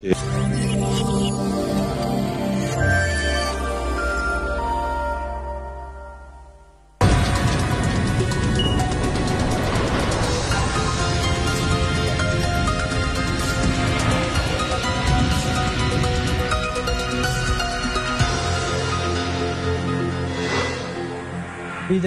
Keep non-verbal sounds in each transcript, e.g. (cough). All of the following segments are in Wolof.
是。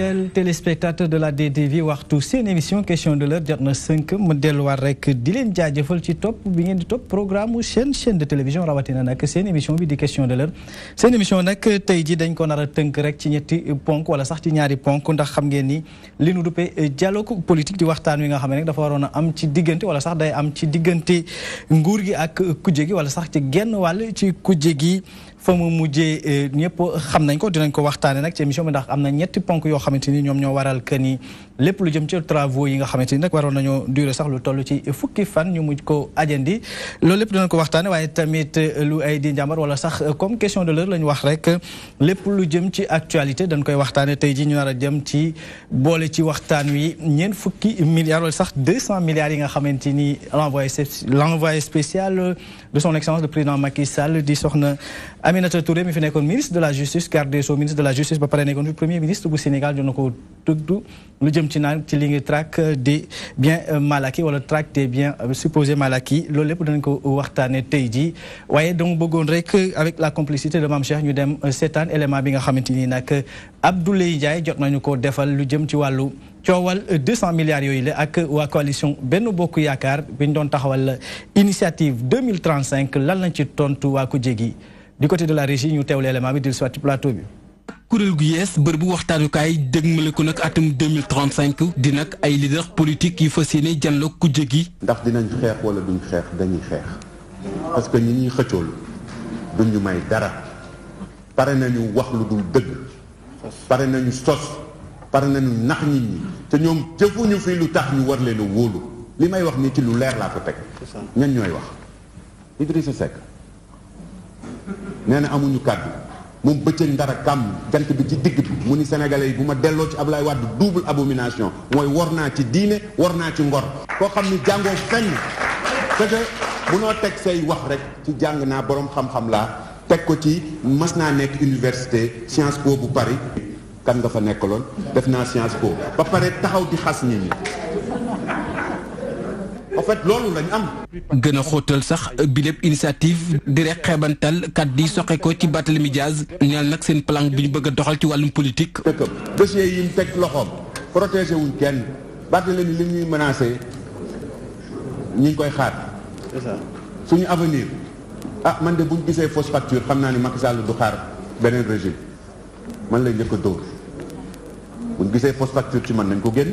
fidèles téléspectateurs de la DTV c'est une émission question de l'heure jot 5, sënk mu delluwaat rek di leen jaajëfal ci topp bi ngeen di topp programme chaîne chaîne de télévision rawatina c'est une émission bi di question de l'heure une émission nag tey ji dañ ko nar a rek ci ñetti ponk wala sax ci ñaari ponk ndax xam ngeen ni li nu dialogue politique di waxtaan wi nga xam ne nag dafa waroon a am ci diggante wala sax day am ci diggante nguur gi ak kujje wala sax ci genn ci fa mu mujjee eh, ñëpp xam nañ ko dinañ ko waxtaane nak ci émission bi ndax am ñetti ponk yo xamanteni ñom ñoom ñoo waral que lépp lu jëm ci travaux yi nga xamanteni nak nag nañu duré sax lu tollu ci fukki fan ñu mujj ko ajandi loolu lépp dinañ ko waxtaane wayé tamit eh, lu ay di njàmbar wala sax comme question de l'heure lañ wax rek lépp lu jëm ci actualité dañ koy waxtaane tay ji ñu nar jëm ci bolé ci waxtaan wi ñeent fukki milliards wala sax 200 milliards yi nga xamanteni ni l'envoyé l'envoyé spécial de son excellence le président Macky Sall di soxna Aminata Touré mi fi nekkoon ministre de la justice garde des sceaux ministre de la justice ba pare nekkoon fi premier ministre du Sénégal ñu na ko tudd lu jëm ci naan ci li ngi des biens euh, malaki ou wala traque des biens euh, supposés malaki acquis loolu lépp danañ ko waxtaane tey jii waaye donc bëggoon rek euh, avec la complicité de mam Cheikh ñu dem seetaan élément bi nga xamante nii nag Abdoulaye Ndiaye jot nañu ko defal lu jëm ci wàllu coowal 200 milliards yooyu la ak waa coalition benn bokk yaakaar bi ñu doon taxawal initiative 2035 lan lañ ci tontu waa ko jégi du côté de la régie ñu teewlee élément bi dil soit ci plateau bi kuréel gu yees bër bu waxtaanukaay dëgmale ko nak atum 2035 di nak ay leader politique yu fassiyene yéene ku kujje ndax dinañ xex wala duñ xex dañuy xex parce que ñi ñi xëccol duñ ñu may dara paré nañu wax lu dul dëgg paré nañu sos paré nañu nax nit ñi te ñoom jëfuñu fi lu tax ñu war leen a wóolu li may wax ni ci lu leer laa ko teg ñan ñooy wax Idrissa Seck nee na amuñu kàddu mu bëccëg ndara kàmm jant bi ci digg bi mu ni sénégalais yi bu ma delloo ci Ablaye Wade double abomination mooy war naa ci diine war naa ci ngor koo xam ni jàngoo fenn parce que bu noo teg say wax rek ci jàng naa borom xam-xam laa teg ko ci mas naa nekk université Sciences Po bu Paris kan nga fa nekkaloon def naa Sciences Po ba pare taxaw di xas nit ñi en fait loolu lañu am. gën a xóotal sax bi lépp initiative di rek xeebantal kàddu yi soxe ko ci Barthélémy Dias ñeel nag seen plan bi ñu bëgg a doxal ci wàllum politique. dëkkam dossier yi mu teg loxoom protégé wuñ kenn Barthélémy li ñuy menacé ñu ngi koy xaar. suñu avenir ah man de bu ñu gisee fausse facture xam naa ni Macky Sall du xaar beneen régime man lay njëkk a dóor bu ñu gisee fausse facture ci man nañ ko génn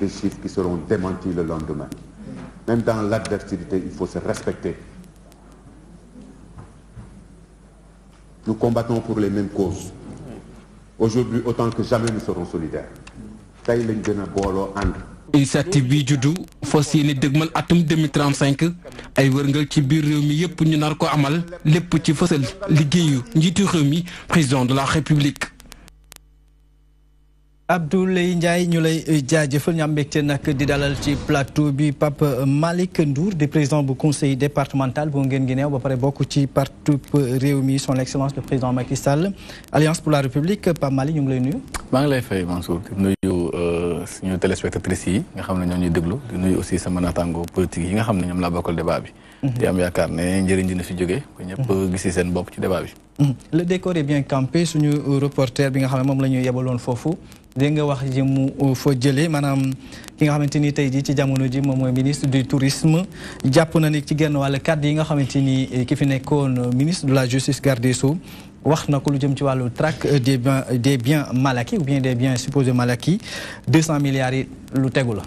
des chiffres qui seront démentis le lendemain. Même dans l'adversité, il faut se respecter. Nous combattons pour les mêmes causes. Aujourd'hui, autant que jamais, nous serons solidaires. Il s'agit gën a booloo ànd. Il bii juddu fas yéene atum 2035 ay wërngal ci biir réew mi yépp ñu nar ko amal lépp ci fësal liggéeyu njiitu réew président de la république. Abdoulaye Ndiaye ñu lay euh, jaajëfal ñu am mbégte di dalal ci plateau bi Pape Malick Ndour le président du conseil départemental bu Nguer Guinguinéo ba paré bokku ci partout réwmi son excellence le président Macky Sall alliance pour la république Pape Malick ñu ngi lay nuyu. maa ngi lay fay Mansour di nuyu euh, suñu téléspectatrices yi nga xam ñoo ñuy déglu di nuyu aussi sama naataango politique yi nga xam ñam la bokal débat bi. Mhm. di am yaakaar ne njëriñ dina fi jógee. ba ñëpp mhm. gisi seen bopp ci débat bi. Mhm. le décor est bien campé suñu reporter bi nga xam mom moom la ñu yebaloon fofu Dinga nga wax ji fo fa manam ki nga xamanteni tay tey ci jamono ji mom moy ministre du tourisme japp na ni ci genn wàll kàddu yi nga xamanteni euh, ki fi nekkoon euh, ministre de la justice garde des wax na ko lu jëm ci walu track des biens malaki mal acquis ou bien des biens supposés mal acquis deux cent milliards lu tegu la.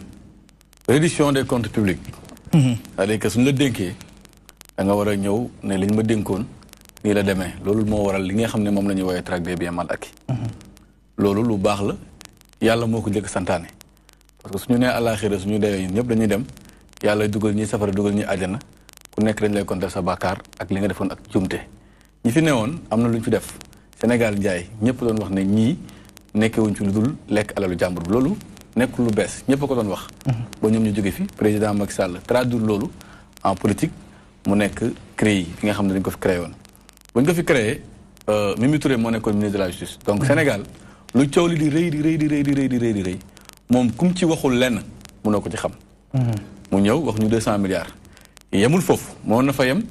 reddition des comptes publics. c'est-à-dire mhm. que suñ denké da nga wara ñëw ne liñ ma la démé loolu mo waral li nga xamné mom lañu woyé track des biens mal acquis. Mhm. loolu lu bax la. yàlla moo ko njëkk santaane parce que suñu nee su ñu dee ñun ñëpp dañuy dem yàlla dugal ñi safara dugal ñi àjjana ku nekk dañ lay def sa bàkkaar ak li nga defoon ak jumte ñi fi nee woon am na lu ñu fi def Sénégal njaay ñëpp doon wax ne ñii nekkewuñ ci lu dul lekk alalu jàmbur bi loolu nekk lu bees ñëpp ko doon wax ba ñoom ñu jóge fi président mac Sall traduire loolu en politique mu nekk CREI bi nga xam ne dañ ko fi créé woon bu ñu ko fi créé euh, Mimi Touré moo nekkoon ministre de la justice donc mm-hmm. Sénégal lu coow li di rëy di rëy di rëy di rëy di rëy di rëy moom kum ci waxul lenn mënoo ko ci xam. Mhm. mu ñëw wax ñu deux cent milliards. yemul foofu moo na fa yem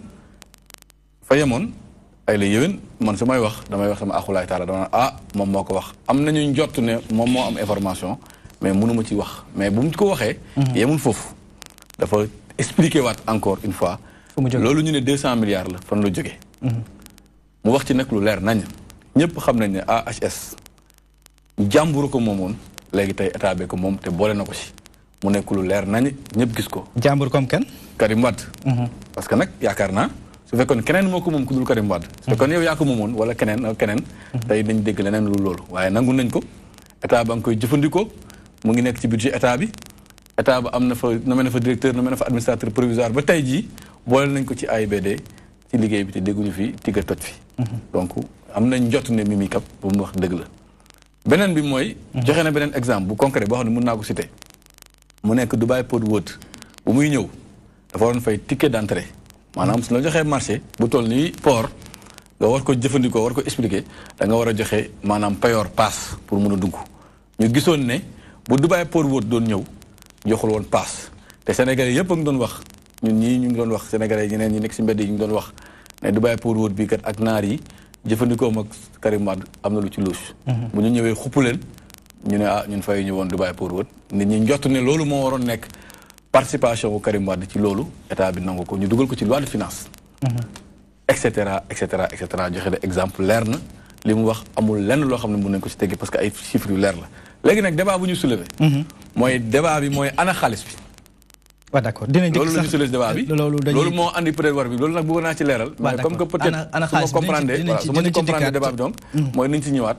fa yemoon ay la yéwén man su may wax damay wax sama akulaay taala dama ah moom moo ko wax am nañu njott ne moom moo am information mais mënuma ci wax mais bu mu ko waxee. Mhm. yemul foofu dafa expliqué waat encore une fois. loolu ñu ne deux cent milliards la fan la jógee. Mhm. mu wax ci nag lu leer nañ ñëpp xam nañ ne AHS. jàmburu ko moomoon léegi tey état bi ko moom te boole na ko si mu nekk lu leer nañ ñëpp gis ko. jàmbur comme kenn. Karim Wade. Mhm. parce que nag yaakaar na su fekkoon keneen moo ko moom ku dul Karim su mhm. fekkoon yow yaa ko moomoon wala keneen keneen. Mhm. tey dañ dégg leneen lu loolu waaye nangu nañ ko état koy jëfandikoo mu ngi nekk ci budget état bi état am na fa nommé na fa directeur nommé na fa administrateur provisoire ba tey jii boole nañ ko ci AIBD fi tigga toj fi. donc am nañ jot ne Mimi Kab beneen bi mooy. joxe na beneen exemple bu concret boo xam ne mun naa ko citer. mu nekk Dubai Port World bu muy ñëw dafa waroon fay ticket d'entrée maanaam su la joxee marché bu toll nii port nga war ko jëfandikoo war ko expliquer da nga war a joxe maanaam payoor paas pour mun a dugg ñu gisoon ne bu Dubai Port World doon ñëw joxul woon paas te Sénégalais yëpp a ngi doon wax ñun ñii ñu ngi doon wax Sénégalais ñeneen ñi nekk si mbedd yi ñu doon wax ne Dubai Port World bii kat ak naar yi. jëfandikoo mag Karim am na lu ci louche. Mhm. bu ñu ñëwee xupp leen ñu ne ah ñun fay ñëwoon woon Dubai pour wët nit ñi njott ne loolu moo waroon nekk participation bu Karim ci loolu état bi nangu ko ñu dugal ko ci loi de finance. Mhm. et cetera et cetera cetera joxe de exemple leer na li mu wax amul lenn loo xam ne mën nañ ko ci teggi parce que ay chiffres yu leer la léegi nag débat bu ñu soulever. Mhm. mooy débat bi mooy ana xaalis bi. waaw d'accord loolu moo andi peut-être war bi loolu nag bëgg ci leeral. waaw comme que peut-être su ma comprendre su ma comprendre débat bi moom. Mm-hmm. mooy nañ ci ñëwaat.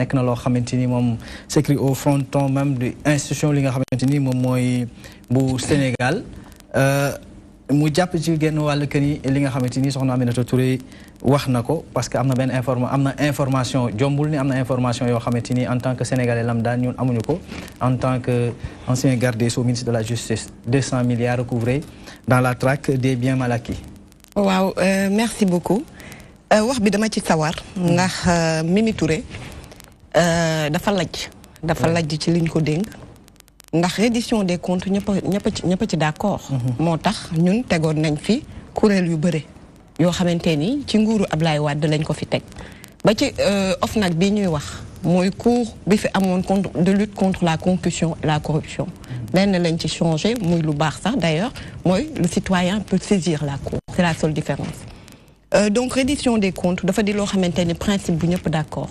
nek na lo xamanteni ni moom s'écrit au fronton même de institution li nga xamanteni ni moy bu Sénégal euh, mu japp ci genn wàll keni li nga xamanteni ni soxna Aminata Touré wax na ko parce que amna ben benn informa information jombul ni amna information yo xamanteni ni en tant que sénégalais lambda ñun amuñu ko en tant que ancien garde des sceaux ministre de la justice 200 milliards recouvrés dans la traque des biens mal acquis waaw euh, merci beaucoup euh, wax bi dama ci sawar hmm. ndax Mimi Touré euh, dafa lajj dafa lajj ci liñ ko dénk ndax reddition des comptes ñëpp ñëpp ñëpp ci d'accord mhm. moo tax ñun tegoon nañ fi kuréel yu bëre yoo xamante ni ci nguuru Ablaye Wade lañ ko fi teg ba ci euh, OFNAC bi ñuy wax mooy cour bi fi amoon contre de lutte contre la concussion et la corruption mhm. lenn lañ ci changé muy lu baax sax d'ailleurs mooy le citoyen peut saisir la cour c'est la seule différence euh, donc reddition des comptes dafa di loo xamante ni principe bu ñëpp d'accord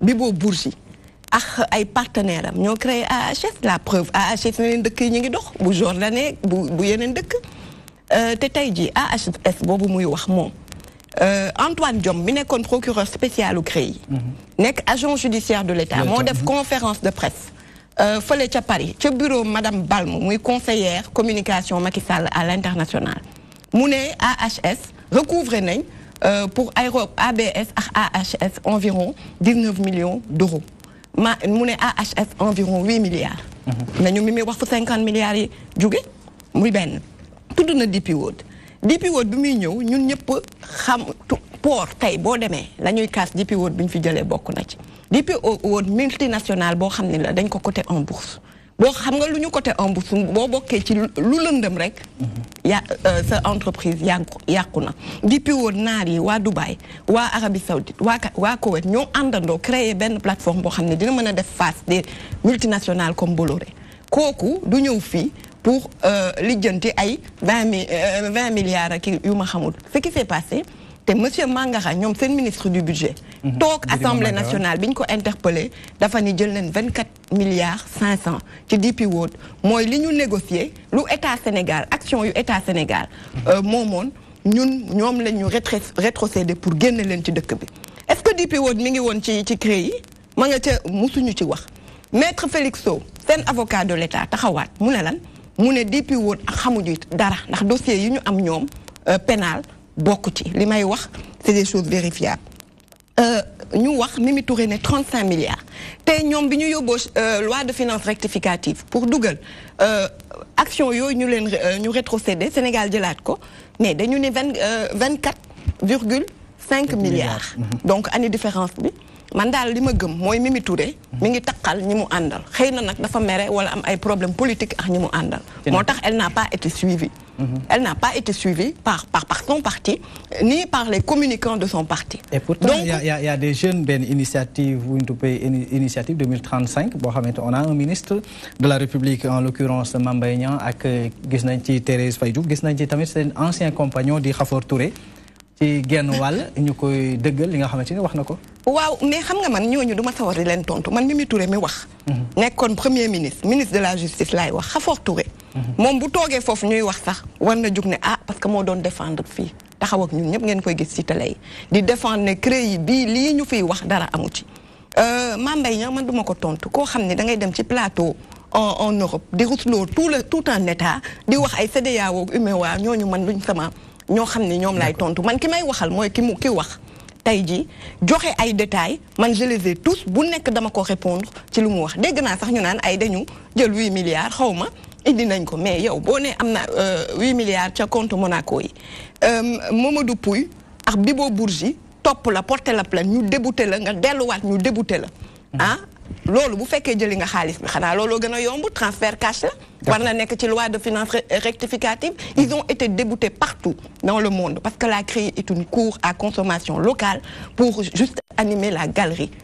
Bibo Bourgi ak ay partenaires am créé AHS la preuve AHS yeneen dëkk yi ñu ngi dox bu Jordanie bu bu yeneen dëkk euh, te tey ji AHS boobu muy wax moom euh, Antoine Diom, bi nekkoon procureur spécial créé CREI mhm. nekk agent judiciaire de l'État moo def mhm. conférence de presse euh, fële ca Paris ca bureau madame Balme muy conseillère communication Macky à l'international mu ne AHS recouvrer nañ euh, pour aéro ABS AHS environ 19 millions d'euros ma monnaie AHS environ 8 milliards mhm. mais nous avons muy 50 milliards de dollars. muy ben. Tout na le World DP World bi nous ñëw ñun ñëpp xam port tey boo la ñuy kaas DP fi jëlee multinational nous avons ne la dañ ko en bourse boo xam nga lu ñu côté omb su boo bokkee ci lu lëndëm rek ya euh, sa entreprise yàqu yàqu na depuis naar yi waa Dubaï waa Arabie Saoudite waa waa Koweït ñoo àndandoo créer benn plateforme boo xam ne dina mën a def face des multinationales comme Bolloré kooku du ñëw fii pour euh, lijjanti ay vingt mille euh, vingt milliards ak yu ma xamul ce qui s'est passé te monsieur Mangara c'est le ministre du budget mhm. toog assemblée nationale bi ko interpellé dafa ni jël leen milliards 500. cent ci DP World mooy li ñu négocié lu état Sénégal action yu état Sénégal mon, mhm. euh, ñun nous la ñu rétrocédé pour gagner leen ci dëkk bi est-ce que DP World mi ngi woon ci ci CREI yi musuñu ci wax maître Félixo, c'est un avocat de l'état taxawaat mu ne lan mu ne DP World ak dara ndax dossier yi ñu am ñoom euh, pénal Beaucoup de, li c'est des choses vérifiables Nous euh, wax Mimi Touré ne 35 milliards te ñoom bi ñu euh, loi de finances rectificative pour Google. Euh, action yo ñu leen ñu rétrocédé Sénégal jëlaat ko mais dañu ne vingt 24,5 virgule cinq milliards. Mhm. donc année différence bi man daal li ma gëm moy Mimi Touré. Mhm. mi ngi takal ñi mu àndal xëy na dafa méré wala am ay problème politique ak ñi mu àndal. elle n'a pas été suivie. Mhm. Elle n'a pas été suivie par, par, son parti, ni par les communicants de son parti. Et pourtant, il y, a des jeunes, ben, initiative, 2035, on a un ministre de la République, en l'occurrence Mambayan, avec Gisnanti Thérèse Fayidou, Gisnanti Tamir, c'est un ancien compagnon de Khafor Touré. ci genn wàll ñu koy dëggal li nga xamante wax waaw mais xam nga man ñooñu du ma di leen tontu man Touré wax. Mhm. premier ministre ministre de la justice Khafor Touré. moom bu toogee foofu ñuy wax sax war na jug ne ah parce que moo doon défendre fii taxaw ak ñun ñëpp ngeen koy gis ci télé yi di défendre ne CREI yi bii lii ñu fiy wax dara amu ci. Euh, Mame Mbaye Niang man duma ko tontu koo xam ne da ngay dem ci plateau en en Europe di rusloo tout le tout un état di wax ay CEDEAO ak UEMOA ñooñu man luñ sama ñoo xam ne ñoom laay tontu man ki may waxal mooy ki mu ki wax. tey jii joxe ay détails man je tous bu nekk dama ko répondre ci lu mu wax dégg naa sax ñu naan ay dañu jël huit milliards xaw indi nañ ko mais yow boo nee euh, 8 milliards ca compte Monaco yi euh, Mamadou Pouy ak Bibo Bourgi top la porter la plainte ñu débouté la nga wat ñu débouté la hein ah, lolu bu féké jëli nga xaliss bi xana lolu gëna yomb transfert cash la war na nek ci loi de finances rectificative ils ont été déboutés partout dans le monde parce que la CREI est une cour à consommation locale pour juste animer la galerie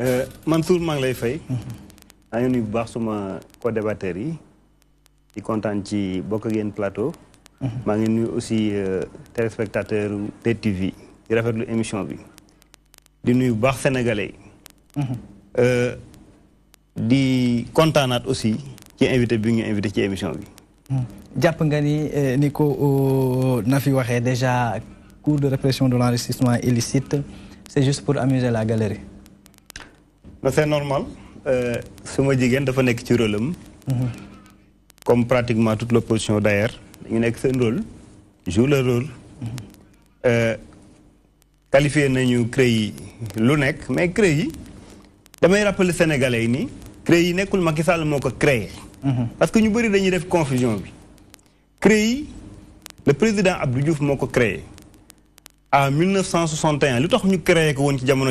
Euh, Mansour maa lay fay. maa ngi nuyu bu baax suma co-débatteur yi di kontaan ci bokk ak yéen plateau. Mhm. maa ngi nuyu aussi euh, téléspectateur DTV di rafetlu émission bi. di nuyu bu baax sénégalais yi. Mhm. Euh, di kontaanaat aussi ci invité bi ñu invité ci émission bi. Mhm. jàpp nga ni ni ko na fi déjà cours de répression de l'enrichissement illicite c'est juste pour amuser la galerie c'est normal euh, suma jigéen dafa nekk ci rôle mhm. comme pratiquement toute l'opposition d'ailleurs y a un rôle joue le rôle mhm. euh, qualifié nañu avons créé lunec, mais CREI damay rappeler sénégalais yi nii les nekkul Macky le créé mhm. parce que nous avons dañuy def confusion bi le président Abdou Diouf m'a créé en 1961 Nous tax créé le président ci jamono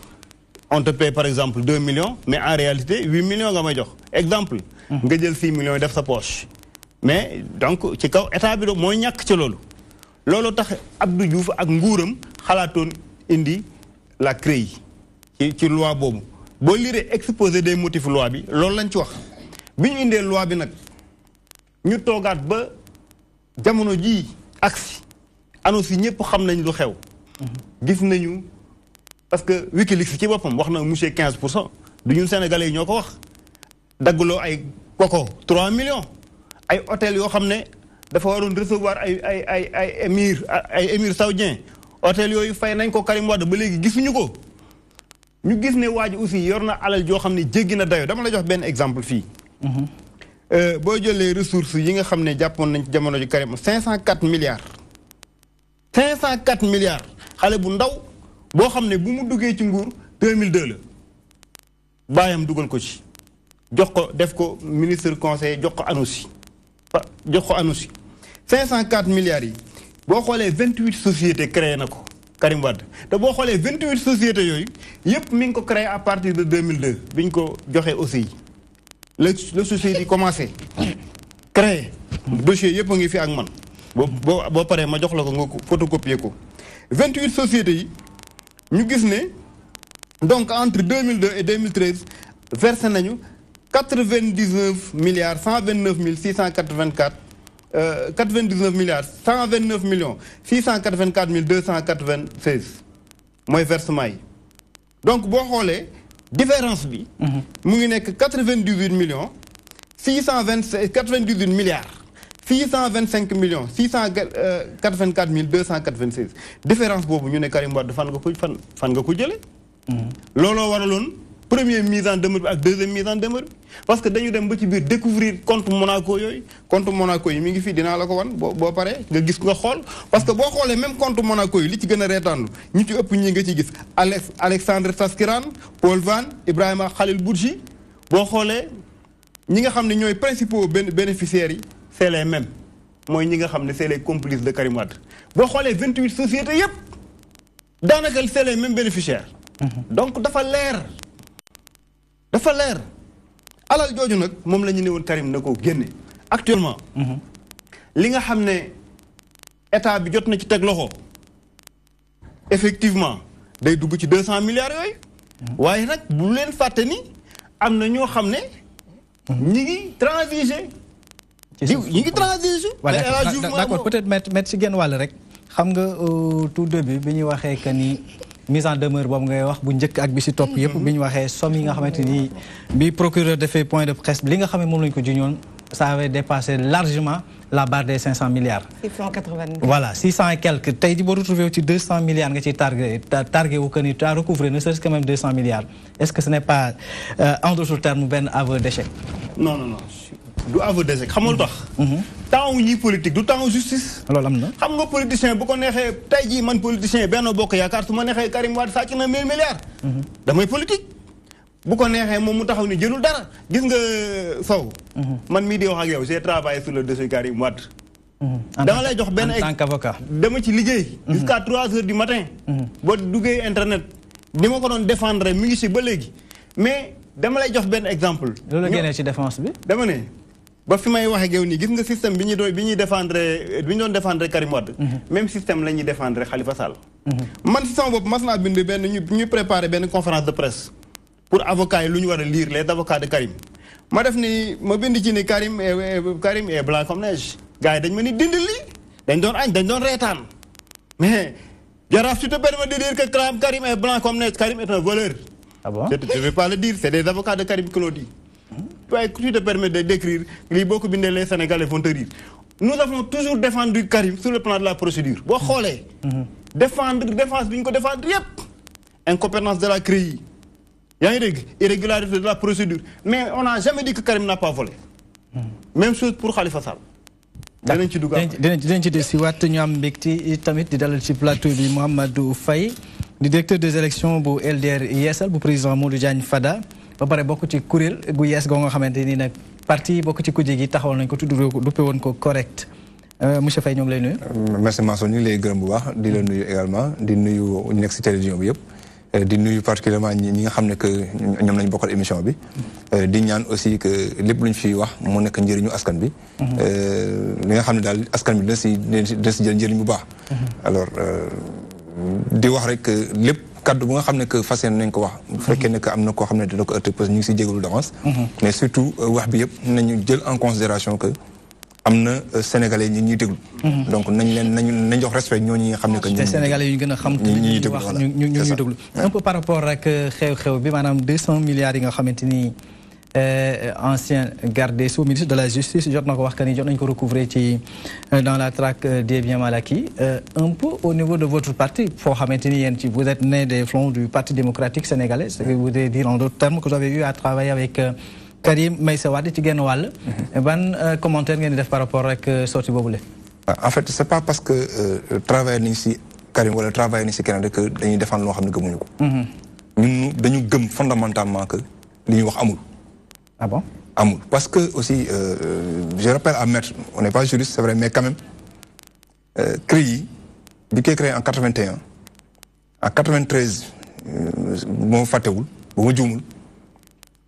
on te paie par exemple 2 millions mais en réalité 8 millions nga may jox exemple. nga 6 millions def sa poche. mais donc ci kaw état bi mooy ñàkk ci loolu. loolu tax Abdou Diouf ak nguuram ont indi la créé ci ci loi boobu boo lire exposé des motifs de la loi bi loolu lañ ci wax bi ñu indee loi bi nag ñu toogaat ba jamono jii agsi annonce yi ñëpp xam nañ lu xew. gis nañu parce que Wikileaks ci bopam waxna monsieur 15 pour du ñun sénégalais ñoko wax daggloo ay koko 3 millions ay hôtel yo xamné dafa waroon recevoir ay ay ay ay émir ay émir saoudien hôtel yoyu fay nañ ko Karim Wade ba légui gisuñu ko ñu gis né waji aussi yorna alal jo xamné ne jéggi dayo dama la jox ben exemple fi mhm. euh bo jëlé ressources yi nga xamné ne nañ ci jamono ji Karim 504 milliards. 504 milliards xalé bu ndaw. boo xam ne bu mu duggee ci nguur mille 2002 la baayam dugal ko ci jox ko def ko ministre conseil jox ko ANOCI jox ko cent quatre milliards yi boo xoolee vingt 28 société créé na ko Karim Wade te boo xoolee vingt 28 sociétés yooyu yépp mi ngi ko créé à partir de deux 2002 bi ñu ko joxee aussi la la société di commencé créé dossier yépp a ngi fi ak man boo boo boo paree ma jox la ko nga photocopier ko vingt 28 sociétés yi. Nous donc entre 2002 et 2013 versé 99 milliards 129 684 99 milliards 129 millions 684 296 moins versement donc bon, on différence bi. Mhm. mu ngi que 98 millions 627 milliards. 625 millions 684 246. 296 différence vous ñu ne Karim Wad, fan nga ko fan fan nga ko jëlee. Mm. Lolo waralun. première mise en demeure deuxième mise en demeure parce que nous dem ba ci découvrir compte Monaco Le compte Monaco yi mi ngi fii dinaa la parce que vous xoolee même compte Monaco yi li ci a ñi ci gis Alex Alexandre Saskiran, Paul Van Ibrahima Khalil Bourji. boo xoolee ñi nga principaux bénéficiaires c'est les mêmes. Moi, c'est les complices de Karim Wade. Vous voyez les 28 sociétés, c'est les mêmes bénéficiaires. Mm-hmm. Donc, il faut l'air. Ça fait l'air. Alors, je dis que Karim Actuellement, ce que vous l'État a dit que c'est un Effectivement, il y a 200 milliards. Mais si vous voulez faire ça, il y a des gens d'accord peut-être mettre mettre si rek xam nga euh, tout début bi ñu que ni mise en demeure boobu ngay wax bu njëkk ak bi ci top yépp bi waxé somme yi nga xamanteni bi procureur fait point de presse li nga xamé ne lañ ko juñoon ça avait dépassé largement la barre des 500 milliards. 680. Voilà, 600 et quelques. Tu as dit retrouver 200 milliards que tu as targué wu que tu as recouvré, ne serait même 200 milliards. Est-ce que ce n'est pas, euh, en d'autres termes, un aveu d'échec Non, non, non du aveu d'échec xam nga lu tax. Mhm. temps ñi politique du temps justice. loolu am na xam nga politicien bu ko neexee tey jii man politicien benn bokk yaakaar su ma neexee Karim Wade sàcc na mille milliards. Mhm. damay politique. bu ko neexee moom mu taxaw ni jëlul dara gis nga euh, Sow. Mhm. man mii di wax ak yow j'ai travaillé sur le dossier Karim Wade. dama lay jox benn en tant qu'avocat dama ci liggéey. jusqu'à trois heures du matin. boo duggee internet. ni ma ko doon défendre mi ngi si ba léegi mais dama lay jox benn exemple. loolu la ci défense bi dama ne ba fi may wax ak yow gis nga système bi ñu doon bi défendre bi ñu défendre Karim Wade. Mhm. même système la défendre Khalifa Sall. Mhm. man si sama bopp mas naa bind ben ñu ñu préparer ben conférence de presse pour avocats yi lu ñu lire les avocats de Karim. ma def ni ma bind ci ni Karim eh, eh, Karim est blanc comme neige gars yi dañ ma ni dindi lii dañ doon añ dañ doon reetaan mais jaraaf tu te permets de dire que Karim est blanc comme neige Karim est un voleur. ah bon je ne vais pas le dire c'est des avocats de Karim Claudie. l'ont dit tu te permets de décrire que beaucoup de les Sénégalais vont te rire nous avons toujours défendu Karim sur le plan de la procédure Défendre, défendre, défendre défense défendre yépp incompétence de la y y une une irrégularité de la procédure mais on n'a jamais dit que Karim n'a pas volé même chose pour Khalifa Sall dinañ ci dugg dinañ ci des si ñu am mbégte tamit di dalal ci plateau bi Mouhamadou Faye di directeur des élections pour LDR Yeesal bu président Modou Diagne Fada ba pare bokk ci kuréel gu yees goo nga xamante nii nag parti bokk ci kuje gi taxawal nañ ko tudd duppe woon ko correct euh, monsieur Faye ñu ngi lay nuyu. Euh, merci Mansour ñu ngi lay gërëm bu baax di la nuyu également di nuyu ñu nekk si télévision bi yëpp. Euh, di nuyu particulièrement ñi ñi nga xam ne que ñoom lañ bokkal émission bi. di ñaan aussi que lépp luñ fi wax mu nekk njëriñu askan bi. Mhm. li nga xam ne daal askan bi dina si dina si jël njëriñ bu baax. Mhm. alors di wax rek lépp. kaddu bu nga xam que fas yéene nañ ko wax bu fekkee que amna ko koo xam ne dina ko heurté parce ñu ci si jégalu d'avance mais surtout euh, wax bi yépp nañu jël en considération que amna euh, sénégalais ñi ñi déglu donc nañ leen nañu nañ jox respect ñooñu nga xam que ñu sénégalais yu ñu gën a xam ñi ñuy déglu ñu ñuy déglu un peu par rapport rek euh, xew-xew bi manam 200 milliards yi nga xamante euh, ancien garde des sceaux ministre de la justice jot wax que ni euh, dans la traque euh, des biens mal acquis un peu au niveau de votre parti vous êtes né des flancs du parti démocratique sénégalais ce que vous dire en d'autres termes que vous avez eu à travailler avec Karim Meïssa Wade ci Wall. wàll mhm. ban commentaire ngeen di def par rapport que sortie ah, en fait c'est pas parce que travailler travail ici, Karim wala le travail ici que nous défendons nous xam ne gëmuñu mhm. Nous, dañu fondamentalement que li ñuy ah bon Amour. Parce que aussi, euh, euh, je rappelle à Maître, on n'est pas juriste, c'est vrai, mais quand même, euh, CRI, qui est créé en 81, en 93, mon fatéoul, bon djoumoul,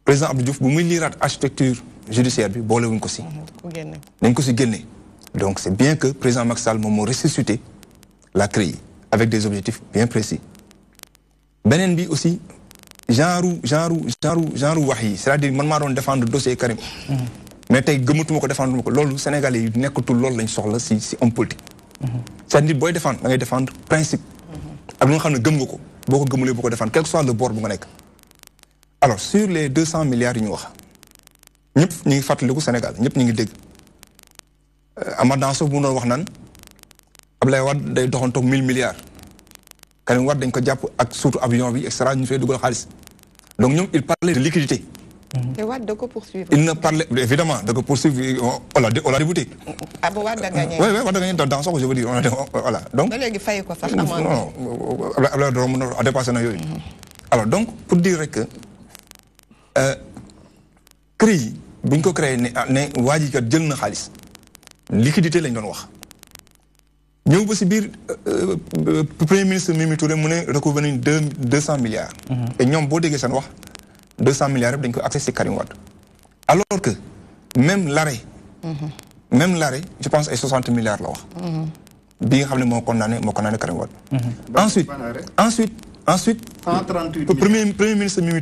président Abdou Diouf, bon lire architecture judiciaire, bon le aussi. Donc c'est bien que président Maxal m'a ressuscité la CRI avec des objectifs bien précis. Benenbi aussi, genre genre genre genre wax c'est-à-dire man ma doon défendre dossier Karim. mais tay gëmatuma ko défendre moko ko Sénégalais yi nekkatul loolu lañ soxla si si homme politique. c'est-à-dire booy défendre da ngay défendre principe. ak lu nga xam gëm nga ko boko ko boko défendre quel que soit le bord bu nga nekk. alors sur les 200 milliards ñu wax ñep ñi ngi fàttaliku Sénégal ñep ñi ngi dégg euh, Amath Dansokho mu doon wax nan Ablaye Wade day doxantoog 1000 milliards. Karim Wade dañ ko jàpp ak surtout avion bi et cetera ñu fay dugal xaalis donc ñoom il parlait de liquidité. te Wade da ko poursuivre. il ne parlait évidemment de ko poursuivre on l'a on l'a débouté. ah ba Wade da nga ñëw. oui oui Wade da gagné ñëw dans que je veux dire voilà donc. ba léegi fay ko sax amoon na. non Abdoulaye Doro mën na dépassé na yooyu. Mm-hmm. alors donc pour dire que euh, CREI bu ñu ko créé ne ne waa ji kat jël na xaalis liquidité lañ doon wax nous avons aussi le Premier ministre Mimi Touré a recouvert 200 milliards. Mhm. Et nous avons que 200 milliards pour accès à Karim Wad. Alors que même l'arrêt, mhm. même l'arrêt, je pense, à 60 milliards. Bien que nous condamné, condamné Karim Wad. Mhm. Ensuite, ensuite, le Premier ministre Mimi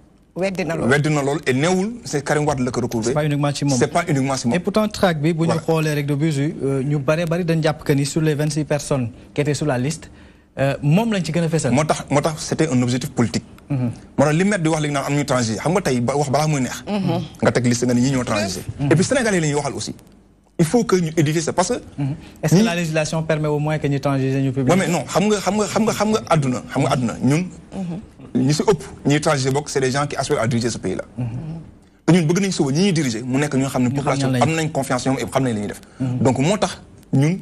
C'est et pas uniquement et pourtant sur les 26 personnes qui étaient sur la liste euh, un objectif politique. et puis aussi. il faut que nous ça mm-hmm. est ce que la législation permet au moins que ñu ñu mais non ni si ëpp ni transiger bok c'est les gens qui aspirent à diriger ce pays là. te ñun bëgg nañ suba ñi ñuy diriger mu nekk ñoo xam population am nañ confiance ñoom xam nañ li ñi def. Mhm. donc motax ñun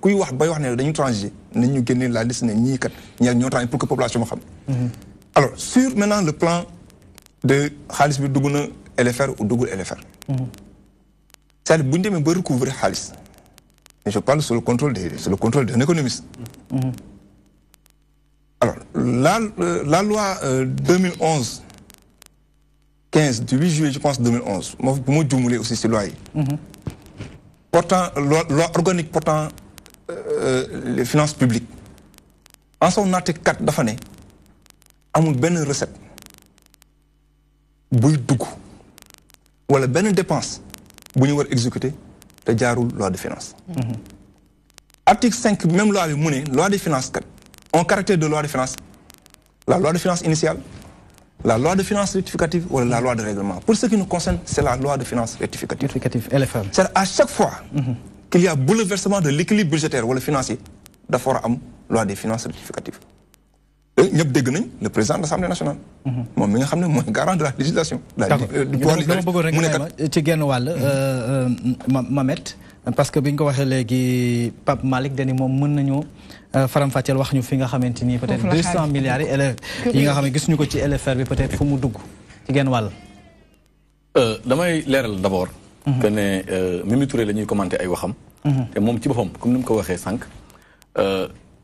kuy wax bay wax ne dañu transiger nañ ñu génne la liste né ñi kat ñaar ñoo tan pour que population mo xam. Mhm. alors sur maintenant le plan de xaliss bi duguna LFR ou dugul LFR. Mhm. c' est buñ démé ba recouvrer xaliss je parle sur le contrôle des sur le contrôle d'un économiste. Alors, la, euh, loi 2011-15 euh, du 8 juillet, je pense, 2011, pour moi, je aussi cette mhm. loi. Portant, loi, organique portant euh, les finances publiques. En son article 4 dafa a une bonne recette buy Ou wala bonne dépense bu exécuter la loi de finances. Mhm. article 5 même loi de monnaie, loi de finances 4, en caractère de loi de finances. La loi de finances initiale, la loi de finances rectificative ou la loi de règlement. Pour ce qui nous concerne, c'est la loi de finances rectificative. Rectificative, LFM. cest à chaque fois mhm. qu'il y a bouleversement de l'équilibre budgétaire ou le financier, d'abord, la loi de finances rectificatives. Et nous avons le président de l'Assemblée nationale. Moi, je suis le garant de la législation. Je parce que bi ñu ko waxee léegi Pape Malick dañu moom mën nañu euh, faram-fàcceel wax ñu fi nga xamante ni peut-être deux cent milliards yi nga xam ne gis ñu ko ci LFR bi peut-être fu mu dugg ci genn wàll euh, damay leeral d'abord mhm. que ne euh, Mimi Touré la ñuy commenter ay waxam mhm. te moom ci boppam comme ni mu ko waxee sànq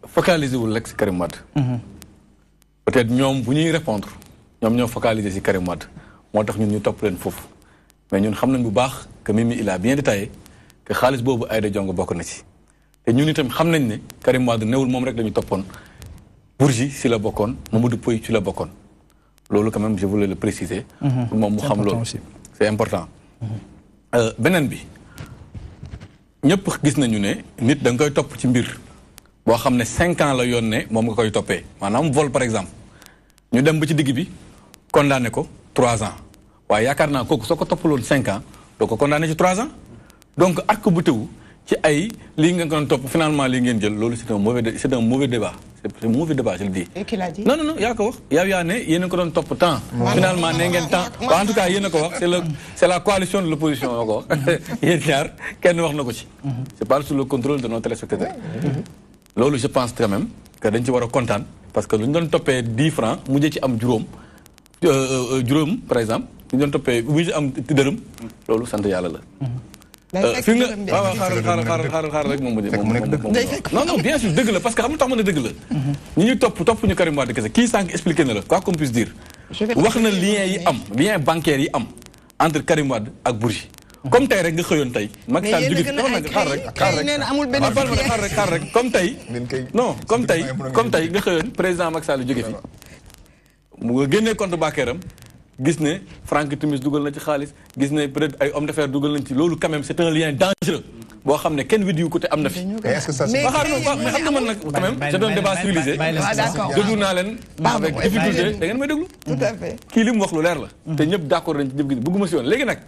focaliser wul rek si Karim Wade mhm. peut-être ñoom bu ñuy répondre ñoom ñoo focaliser si Karim Wade moo tax ñun ñu topp leen foofu mais ñun xam nañ bu baax que Mimi il a te xaalis Aïda bokk na ci te ne Karim Wade rek Bourgi la Mamadou je voulais le préciser. Mhm. c'est important. Mhm. Euh, beneen bi ñëpp gis nañu ne nit koy ci mbir ans la vol par exemple ñu dem ci bi condamné ko trois ans nous avons naa kooku soo ans condamné trois ans donc arc bu ci ay lii nga finalement ngeen jël c'est un mauvais c'est un mauvais débat c'est un mauvais débat je le dis. Et dit non non non yaa ko wax yow yaa ne yéen a ko doon top temps. finalement ne ngeen temps en tout cas y a ko wax c'est la c'est la coalition de l'opposition moo ko wax mm-hmm. (laughs) yéen ñaar kenn wax na ko ci. Mm-hmm. c'est pas sous le contrôle de nos téléspectateurs. Mm-hmm. loolu je pense quand même que dañ ci war content parce que nous avons topé 10 francs nous ci am juróom euh, euh, euh, juróom par exemple lu ñu topé toppee bu am dërëm loolu sant yàlla la. fi nga waaw xaaral xaaral xaaral xaaral rek moom mu non non bien sûr dëgg la parce que xam nga tax ma dëgg la ñi mhm. ñu topp ñu Karim kese kii sànq expliqué na la quoi qu'on puisse dire wax na lien yi am lien bancaire yi am entre Karim ak Bourgi mhm. comme tey rek nga xëyoon tey Macky Sall jóge non comme tey nga xëyoon président Macky Sall fi nga génnee compte bancaire gis ne Franck Timis dugal na ci xaalis gis ne peut-être ay hommes d'affaires dugal nañ ci loolu quand même c'est lien dangereux boo xam ne kenn widiyu ko te am na fi. mais est-ce que ça mais xam nga man nag quand même c'est un débat civilisé. naa leen. avec difficulté da ngeen may déglu. tout kii li mu wax lu leer la. te ñëpp d'accord nañ ci jëf gi bëgguma si woon léegi nag.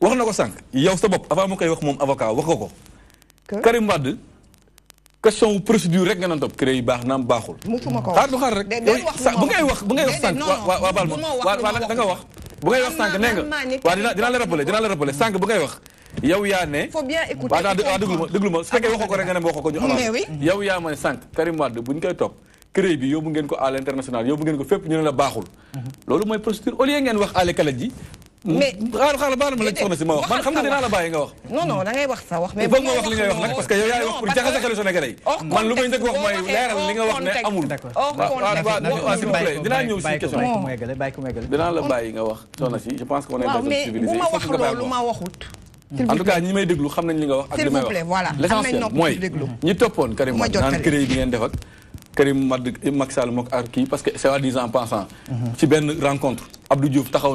wax na ko sànq yow sa bopp avant mu koy wax moom avocat wax ko ko. Karim Wade. question procédure rek nga naan topp créé baax naam baaxul. musuma ko xaar rek. bu ngay wax bu ngay wax sànq. waa waa baal ma waa wax. bu ngay wax sànq nee nga waaw la rappeler dinaa la rappeler ngay wax. yow yaa ne. faut bien écouter fekkee waxoo rek nga ne ma waxoo ñu avancé. yow yaa ma ne bu ñu koy topp. CREI bi yóbbu ngeen ko à l' international ngeen ko fépp ñu ne la baaxul. Mhm. loolu mooy procédure au lieu ngeen wax àllkala ji mais ma xam nga dinaa la bàyyi nga wax. non non da wax sa wax. mais parce que yaay wax pour jaxase xelu Sénégalais yi. man lu may njëkk wax mooy leeral li nga wax ne amul. waaw waaw s'il vous plaît dinaa ñëw si nga wax si je pense wax loolu ma waxut. en ñi may déglu xam nañ li nga wax ak li may wax. l'essentiel mooy ñi toppoon Karim Wade naan créé bi ngeen def ak Karim Wade Macky Sall mook ar kii parce que c'est à dix ans pensant mhm. ci benn rencontre Abdou Diouf taxaw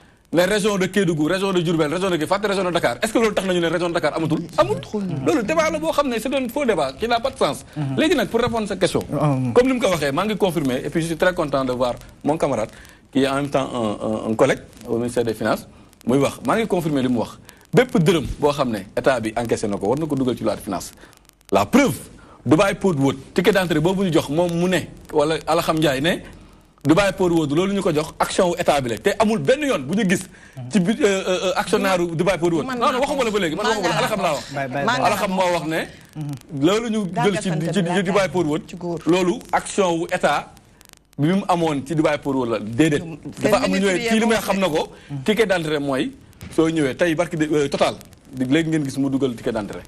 Les région de Kédougou région de Diourbel région de Guédiawaye les région de Dakar est-ce que loolu tax nañu ne région de Dakar amatul. amatul loolu débat la c'est un faux débat qui n'a pas de sens. Mhm. léegi nag pour répondre à cette question. Ah. comme ni mu ko waxee confirmé, confirmer et puis je suis très content de voir mon camarade qui est en même temps un un collègue au ministère des finances muy wax maa confirmer li mu wax bépp dërëm boo l'État a état bi encaissé na ko war na ko dugal ci loi de finance la preuve Dubai Port wood ticket d'entrée boobu ñu jox moom mu ne wala Alaxam Ndiaye du Dubai Port World loolu ñu ko jox action wu état bi la te amul benn yoon bu ñu gis. ci bi euh, euh, euh, actionnaire Dubai Port World. non non waxuma la ba léegi man waxuma la alaxam laa wax. alaxam moo wax ne. Mhm. loolu ñu jël ci ci Dubai Port World. loolu action wu état bi mu amoon ci Dubai Port World la déedéet. dafa am ñëwee ci li may xam na ko. Mhm. ticket d'entrée mooy soo ñëwee tey barki total léegi ngeen gis mu dugal ticket d'entrée.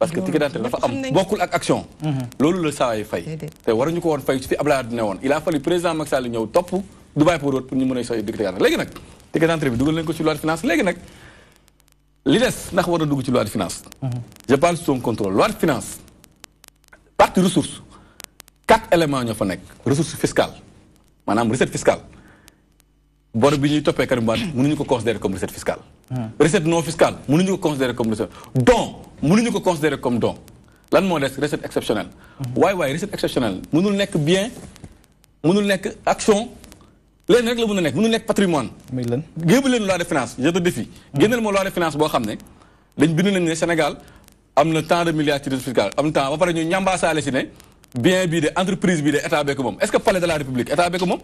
parce que ticket d'entrée dafa am bokkul ak action mhm. loolu la saa yi fay te waruñu ko woon fay su fi Abdoulaye Wade ne woon il a fallu président Macky Sall ñëw topp Dubaï pour route pour ñu mën a soy ticket d'entrée léegi nag ticket d'entrée bi dugal nañ ko ci loi de finance léegi nag li des ndax war na dugg ci loi de finance mhm. je parle sous son contrôle loi de finance partie ressource quatre éléments ñoo fa nekk ressource fiscale maanaam recette fiscale bor bi ko considérer comme recette non fiscale mënuñu ko considérer comme recette don mënuñu ko considérer comme don lan mo des recette exceptionnelle Why why recette exceptionnelle mënul nek bien mënul nek action les rek la mën a nekk mënul nekk patrimoine gébu leen loi de finance je te défie génneel mo loi de finance bo xamné dañ bind nañ ne Sénégal am na tant de milliards ci recette fiscale am temps ba pare ñu salé si ne bien bi de entreprise bi de état beeko mom. est-ce que palais de la république état beeko mom?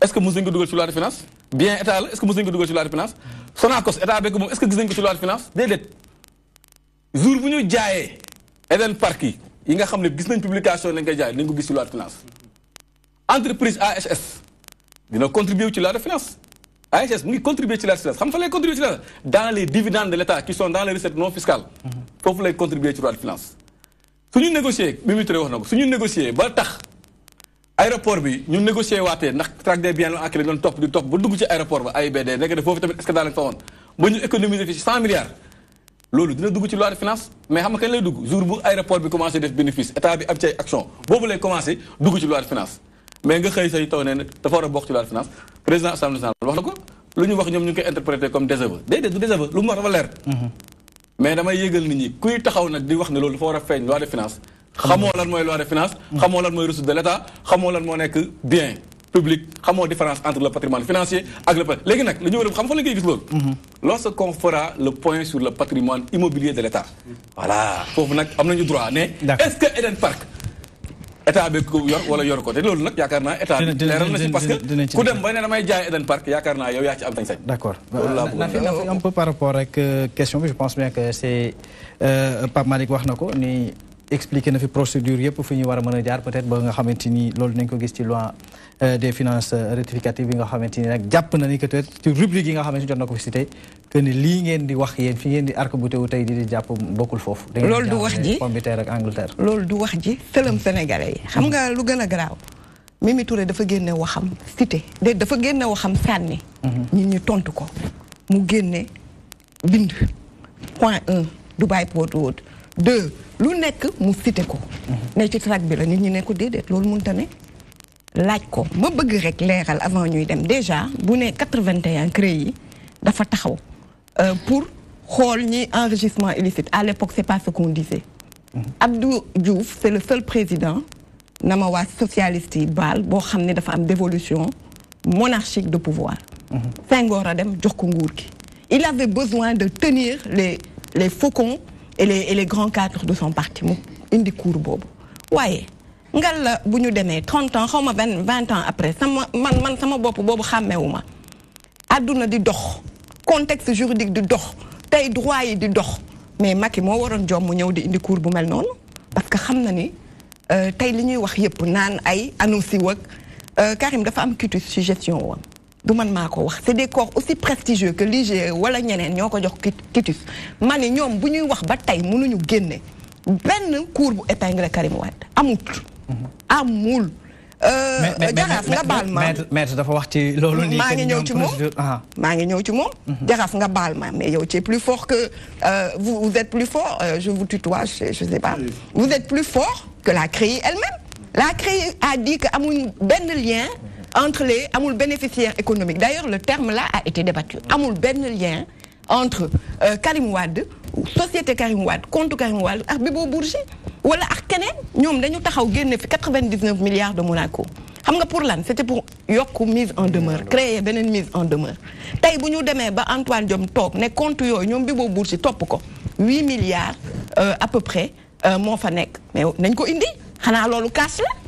est-ce que mos nañ ko dugal ci loi de finance bien état la est-ce que mos nañ ko dugal ci loi de finance Sonacos état beeg est-ce que gis nañ ko ci loi de finance déedéet jour bu ñu Eden Park yi yi nga xamné ne gis nañ publication lañ koy jaay nañ ko gis ci loi de finance entreprise ASS dina contribuer ci loi de finance ASS mu ngi contribuer ci la finance xam fa lay contribuer ci loi dans les dividendes de l'État qui sont dans les recettes non fiscales mhm. foofu lay contribuer ci loi de finance suñu négocier bi mu tere wax na ko suñu négocier ba tax aéroport bi ñu négocié waatee ndax traque des biens en clé doon topp di topp ba dugg ci aéroport ba AIBD nekk de foofu tamit est-ce que fa woon ba ñu économiser fi ci ci loi am ci action boobu lay commencé dugg ci loi de finance mais nga xëy say taw ne dafa war a bokk ci loi de finance président assemblée nationale wax na ko lu ñu wax ñoom ñu koy interprété comme désaveu déedéet du désaveu lu mu wax dafa leer mhm. mais damay yégal nit ñi kuy xamoo lan mooy loi de finance xamoo lan mooy ressource de l' état xamoo lan moo nekk bien public xamoo différence entre le patrimoine financier ak le léegi nag la ñu war xam fa la ngay gis loolu mhm. lorsqu'on fera le point sur le patrimoine immobilier de l' état voilà foofu nag am nañu droit ne est ce que Eden Park état bi ko yor wala yor ko te loolu nag yaakaar naa état bi leeral na si parce que ku dem ba ne damay jaay Eden Park yaakaar naa yow yaa ci am sañ-sañ d' accord na fi un peu par rapport rek euh, question bi je pense bien que c' est euh, Pape Malick wax na ko ni expliqué na fi procédure yëpp fi ñu war a mën a jaar peut-être ba nga xamante ni loolu nañ ko gis ci loi euh, des finances euh, rectificative bi nga xamante ni nag jàpp na ni que te ci rubrique yi nga jot na ko fi cité que ni lii ngeen di wax yéen fi ngeen di arc-bouté wu tey di di jàpp bokkul foofu. lool du wax ji da ak loolu du wax ji tëlam yi. xam nga lu gën a garaaw. Mimi Touré dafa génne waxam cité de dafa génne waxam sànni. ñun mhm. ñu tontu ko. mu génne bind. point un Dubai Port Road deux. lu nekk mu cité ko. ne ci track bi la nit ñi ne ko déedéet loolu mënta ne. laaj ko ma bëgg rek leeral avant ñuy dem déjà bu ne 81 CREI yi dafa taxaw euh, pour xool ñi enregistrement illicite à l'époque c'est pas ce qu'on disait. Mhm. Abdou Diouf c'est le seul président nama socialiste yi baal boo xam ne dafa am dévolution monarchique de pouvoir. Mhm. Senghor a dem jox ko nguur gi. il avait besoin de tenir les les faucons et les et les grands cadres de son parti indi cours boobu waaye ngal la bu ñu demee ans xaw 20 ans après sama man man sama bopp bobu, xàmmewu ma àdduna di dox contexte juridique du dox Tay droit yi di dox mais Macky moo waroon jom mu ñëw di indi cours bu mel noonu parce que xam na ni euh, tay li ñuy wax yëpp nan, ay annonce wak euh, Karim dafa am cutis ci gestion du man maa wax c'est des corps aussi prestigieux que l'IGE wala ñeneen ñoo ko jox kitif ma ne ñoom bu ñuy wax ba tey mënuñu génne benn cour bu épinglé Karim Wade amut amul mhm. euh, jaraaf nga baal ma maître dafa wax ci loolu nii maa ngi ñëw ci moom ah. maa ngi ñëw ci moom mhm. jaraaf nga baal ma mais yow tu es plus fort que euh, vous vous êtes plus fort euh, je vous tutoie je je sais pas vous êtes plus fort que la CREI elle-même la CREI a dit que amul benn lien entre les amoul bénéficiaires économiques d'ailleurs le terme là a été débattu Amoul ben lien entre euh, Karim Wade société Karim Wade compte Karim Wade ak Bibo Bourgi wala ak keneen ñoom dañu taxaw génne fi 99 milliards de Monaco xam nga pour lan c'était pour yoku mise en demeure créer une mise en demeure tey nous avons, ba Antoine Diom, toog ne compte yooyu ñoom Bibo Bourgi top, ko 8 milliards euh, à peu près euh, moo fa nekk mais nañ ko indi xanaa qu'on cash la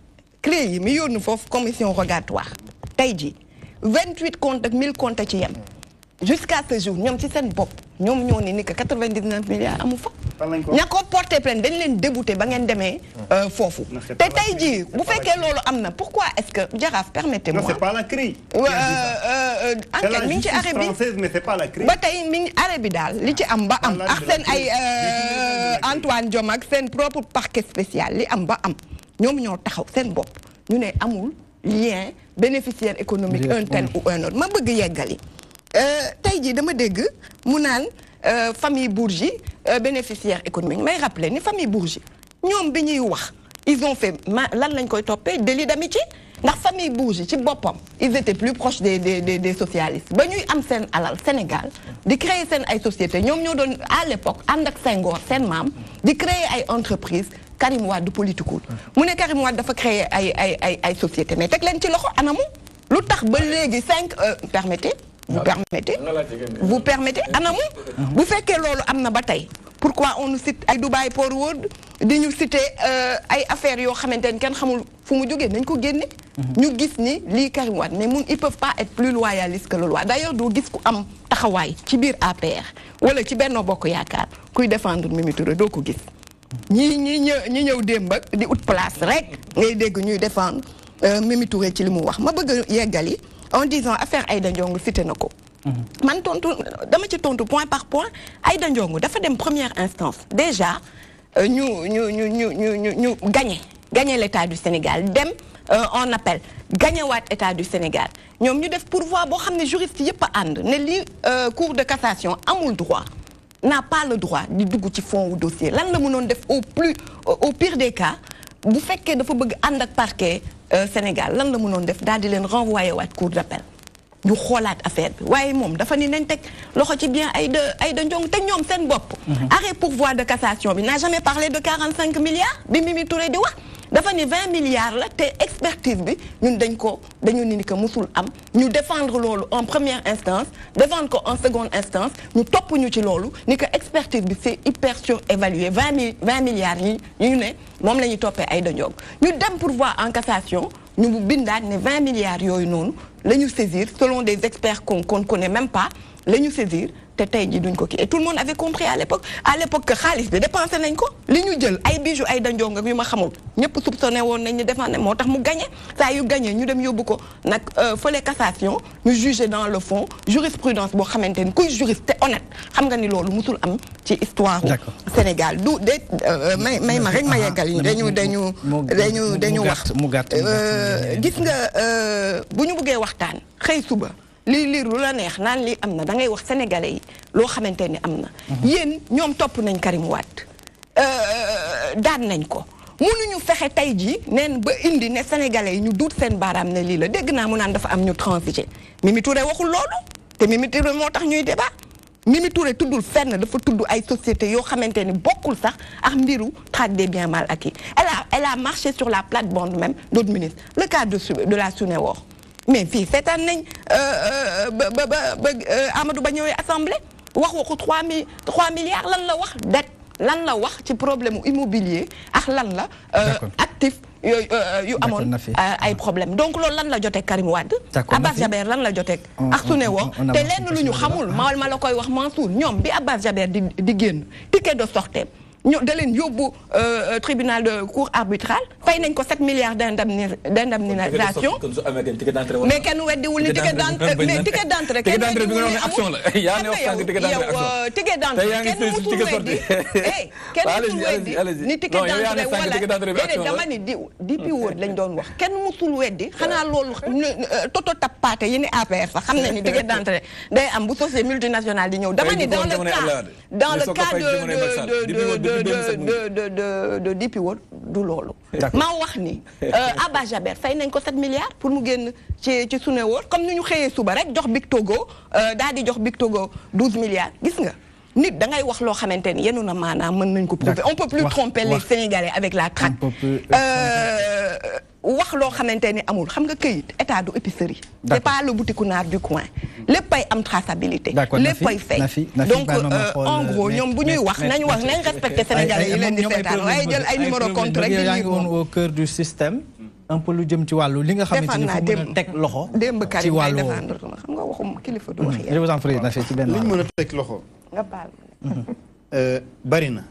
clé yi mi yónni foofu commission rogatoire tey jii vingt huit comptes ak mille comptes ci yem jusqu'à ce jour ñoom ci seen bopp ñoom ñoo ne ni que 99 milliards amu fa ña ko porté plainte dañ leen débouté ba ngeen demee euh, foofu te tey jii bu fekkee loolu am na pourquoi est-ce que jaraaf permettez-moi c'est pas la CRI euh, euh, enquête mi ngi ci arrêt bi ba tey mi ngi arrêt bi daal li ci am ba am ah, ak seen ay Antoine Diome ak seen propre parquet spécial li am ba am ñoom ñoo taxaw seen bopp ñu ne amul lien bénéficiaire économique un tel ou un autre ma bëgg yeggali euh, tey ji dama dégg mu naan euh, famille Bourgi euh, bénéficiaire économique may rappelé ni famille Bourgi ñoom bi ñuy wax ils ont fait ma lan lañ koy toppee délit d'amitié ndax famille Bourgi ci boppam ils étaient plus proches des des des des socialistes ba ñuy am seen alal Sénégal di créer seen ay sociétés ñoom ñoo doon à l'époque ànd ak Senghor seen maam di créer ay entreprises Karim Wade du politique mm-hmm. mu ne Karim Wade dafa créer ay ay ay ay société mais tek que ci loxo anamu lutax tax ba léegi cinq permettez euh, vous permettez vous permettez anamu mm-hmm. bu féké lolu amna na ba bataille. pourquoi on nous cite à Dubaï Port World di ñu citer euh, ay affaire yo xamante ken xamul fu mu jógee nañ ko génne mm-hmm. ñu gis ni li Karim Wade mais mun ils peuvent pas être plus loyalistes que le roi d'ailleurs do gis ku am taxaway ci biir APR wala ci Benno Bokk qui kuy défendre Mimi Touré do ko gis ñi ñi ñë ñi ñëw dem ak di ut place rek ngay dégg ñuy défendre euh, Mimi Touré ci li mu wax ma bëgg yeggali en disant affaire Aïda Ndiongue fité na ko. Mhm. man tontu dama ci tontu point par point Aïda Ndiongue dafa dem première instance déjà euh, ñu ñu ñu ñu ñu ñu ñu gagné gagné l'état du Sénégal dem euh, en appel gagné waat état du Sénégal ñom ñu def pourvoi bo xamné juriste yépp a ànd ne lii cour de cassation amul droit n'a pas le droit di dugg ci fond wu dossier lan la mënoon def au plus au pire des cas bu fekkee dafa bëgg and ak parquet euh, Sénégal lan la mënoon def dal di len renvoyé wat cour d'appel ñu xolaat affaire bi waaye moom dafa ni nañ tek loxo ci bien ay de ay de njong te ñoom seen bopp. Mhm. arrêt pourvoi de cassation bi n'a jamais parlé de 45 milliards bi Mimi Touré di wax dafa ni 20 milliards la té expertise bi ñun dañ ko dañu défendre en première instance défendre en seconde instance nous top ñu ci lolu ni que c'est hyper surévalué 20 20 milliards nous ñu ne nous la topé ay en cassation nous devons né 20 milliards nous saisir selon des experts qu'on ne connaît même pas Nous saisir te tey ji duñ ko kii et tout le monde avait compris à l'époque à l'époque que xaalis bi dépensé nañ ko li ñu jël ay bijoux ay danjong ak yu ma xamul ñëpp soupçonné woon nañ ñu defaan ne moo tax mu gagné saa yu gagné ñu dem yóbbu ko nag euh, fële cassation ñu juger dans le fond jurisprudence boo xamante ni kuy juriste te honnête xam nga ni loolu musul am ci histoire Sénégal du de euh, mais may ma rek ma yeggal ñu dañu dañu dañu dañu wax gis nga euh, bu ñu bëggee waxtaan xëy suba lii liir lu la neex da ngay wax sénégalais yi loo xamante ne am na. Mhm. yéen nañ Karim Wade euh, daan nañ ko. mënuñu fexé tay ji neen ba indi né sénégalais ñu doute seen baram né li la dégg na mu naan dafa am ñu transiger Mimi Touré waxul loolu té Mimi Touré motax ñuy débat Mimi Touré tuddul fenn dafa tuddu ay société yo xamanteni bokul sax ak mbiru traque des biens mal acquis elle a elle a marché sur la plate-bande même d'autres ministres le cas de de la Sunewor mais fii seetaan nañ euh, euh, euh, Amadou Ba assemblée milliards lan la wax dette lan la wax ci problème immobilier ak lan la actif problème donc lool lan la Karim Wade Abbas Jaber lan la ak xamul la koy wax Mansour bi Abbas Jaber di de sortie ñu tribunal de cour arbitral fay ko 7 milliards d'indemnisation. indemnisation. mais kenn weddiwul ni ticket d'entrée. mais ticket d'entrée. ticket d'entrée, entrée bi nga wax ne action la yaa ne wax ticket d'entrée. entrée action yow ticket d' entrée kenn musul weddi kenn musul weddi ni ticket d'entrée. entrée wala déedéet dama ni di depuis wóor lañ doon wax kenn musul weddi xanaa loolu euh, toto tappaate yi ne APR sax xam nañ ni ticket (laughs) d' entrée day am bu société multinationale di ñëw dama ni dans le cas dans le cas de de de de de de de Dippi Wóor du loolu ma wax ni euh, Abba Jaber fay nañ ko 7 milliards pour mu génn ci ci sune wóor comme ni ñu xëyee suba rek jox Big Togo euh, daal di jox Big Togo 12 milliards gis nga nit da ngay wax loo xamante ni yenu na maanaam mën nañ ko prouver on peut plus tromper les Sénégalais avec la traque wax loo xamante ni amul xam nga këyit état du épicerie. c'est pas le boutique naar du coin. lépp ay am traçabilité. lépp ay fi donc euh, en ñoom bu ñuy wax nañu wax nañ respecté Sénégalais yi leen di seetaan waaye jël ay numéro compte ngi woon au du système. un peu lu jëm ci wàllu li nga xamante ni fu mën a teg loxo. démb kàddu gi may défendre xam nga waxum kilifa du wax yéen. je vous en prie Nafi ci benn li mën a teg loxo. nga baal ma. Euh, bari na.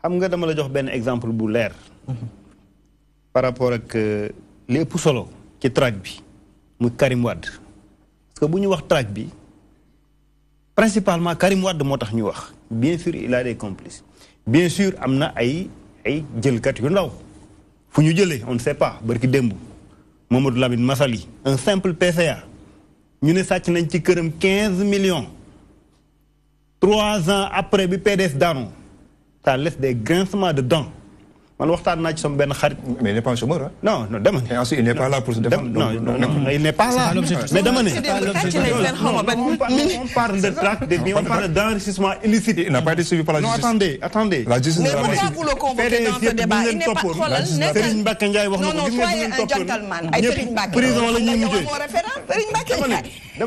xam nga dama la jox benn exemple bu leer. Mhm. par rapport à euh, les qui solo ci traque bi muy Karim Wade parce que bu ñu wax traque bi principalement Karim Wade moo ñu wax bien sûr il a des complices bien sûr am na ay ay jëlkat yu ndaw fu ñu on ne sait pas barki démb Mamadou Lamine Massali un simple PCA ñu ne sàcc nañ ci 15 millions trois ans après bi PDS daanoo ça laisse des grincements de dents mais il n'est pas chômeur hein. non non il n'est pas là pour se défendre. non non non il n'est pas là. mais dama on parle de on parle d'enrichissement illicite. il n'a pas été suivi par la justice. attendez attendez. mais pourquoi vous le dans ce débat il n'est pas non non soyez un gentleman la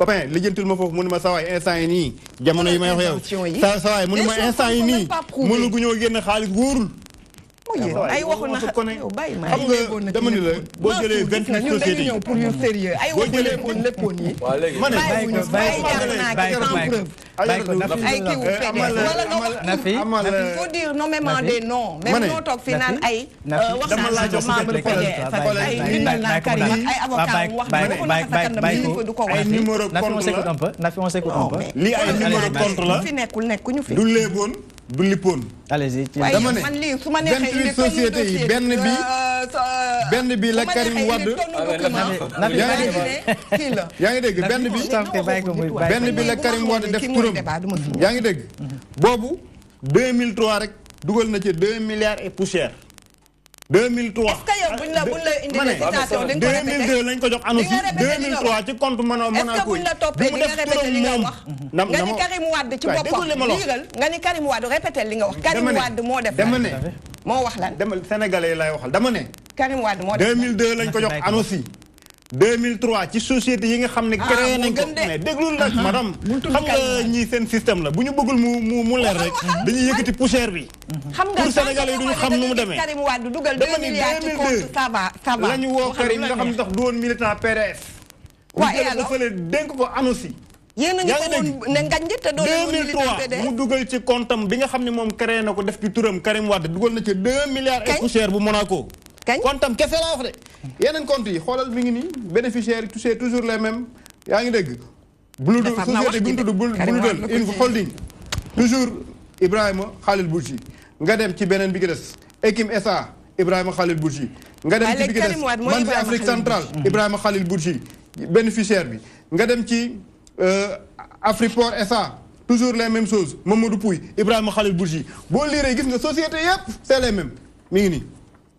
copain lijjantil ma foofu mënu ma sawaay instant yi nii jamono yi may wax yow sawaay mënu ma instant yi nii mënu gu ñoo génn xaalis wóorul Ah, ay waxu na bàyyi ma xam nga dama ni la boo jëlee vingt huit sociétés yi pour ñu sérieux ay waxu léppoon léppoon yi ma ne bàyyi ko bàyyi ko ay kiwu feneen wala nga wax Nafi il faut dire nommément des noms même noo toog fi naan ay euh, wax naa sa membre PDF ay nit naa kari ay avocat wax na waxu na sa kanam kilifa du ko wax numéro compte la Nafi on s'écoute un peu lii ay numéro compte la fi nekkul nekkuñu fi du léeboon bu lippoon. allez-y dama ne vingt-huit sociétés yi benn bi euh, benn bi la Karim Wade. yaa ngi dégg benn bi benn bi la Karim Wade def turam yaa ngi dégg. Mhm. boobu 2003 rek dugal na ci 2 milliards et poussière. 2003 est-ce que yow buñ la la indilee citation di nga ko répété 2002 lañ ko jox Anoussi 2003 ci compte mënoo Monaco yi bi li def turam moom na nga ni Karim Wade ci boppam liiral nga ni Karim Wade répété li nga wax Karim Wade moo def dama ne moo wax lan dama sénégalais lay waxal dama ne Karim Wade moo def 2002 lañ ko jox Anoussi 2003 ci société yi nga xam ne. Ah, créé nañ ko mais déglul nag ah, madame. xam nga ñii seen système la bu ñu bëggul mu mu mu leer rek. dañuy yëkkati poussière bi. Mm-hmm. xam nga pour Sénégalais yi duñu xam nu mu demee. Karim Wade dugal 2 milliards ci compte ça va ñu woo Karim nga xam ne sax du woon militant PDS. waaw et alors fële dénk ko ANOCI. a ngi ko doon ne ngañ te doon mu dugal ci compte am bi nga xam ne moom créé na ko def ci turam Karim Wade dugal na ci 2 milliards et poussière bu Monaco. kañ compte am kese laa wax de. yeneen compte yi xoolal mi ngi nii bénéficiaire yi touché toujours les mêmes yaa ngi dégg. bulu société bi ñu tudd bulu del holding toujours Ibrahima Khalil Bourgi nga dem ci beneen bi gi des Ekim SA Ibrahima Khalil Bourgi nga dem ci bi gi des Manzi Afrique centrale hmm. Ibrahima Khalil Bourgi bénéficiaire bi nga dem ci euh, Afriport SA toujours les mêmes choses Mamadou Pouy Ibrahima Khalil Bourgi boo liiree gis nga société yëpp c'est les mêmes mi ngi nii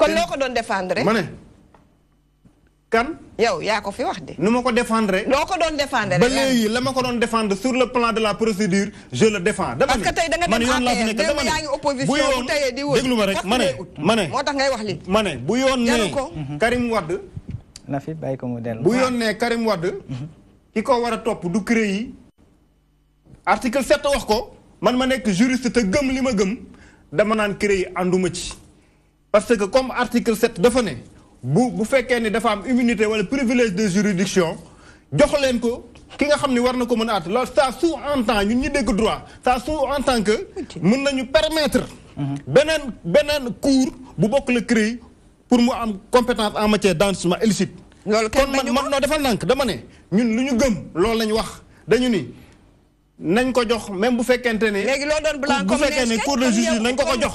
kon loo ko doon défendre. ma kan. yow yaa ko fi wax de. nu ma ko défendre. loo ko doon défendre ba léegi la ma ko doon défendre sur le plan de la procédure je le défends. dama parce que tey da nga dem APR démb yaa ngi opposition bu teyee di wër déglu ma rek ma ne ma moo tax ngay wax li ma bu yoon nee mm-hmm. Karim Wade. na fi bàyyi ko mu dellu. bu yoon nee Karim Wade. Mm-hmm. ki ko war a topp du CREI article 7 wax ko man ma nekk juriste te gëm li ma gëm dama naan CREI anduma ci. parce que comme article 7 dafa ne bu bu fekkee ne dafa am immunité wala privilège de juridiction jox leen ko ki nga xam ne war na ko mën a àtt loolu ça sous-entend ñun ñi dégg droit ça sous en tant que mën nañu permettre beneen beneen cour bu bokk le CREI pour mu am compétence en matière d'enrichissement illicite kon man man noo defal nank dama ne ñun lu ñu gëm loolu lañ wax dañu ni nañ ko jox même bu fekkente ne blanc fekkee ne cour de justice nañ ko ko jox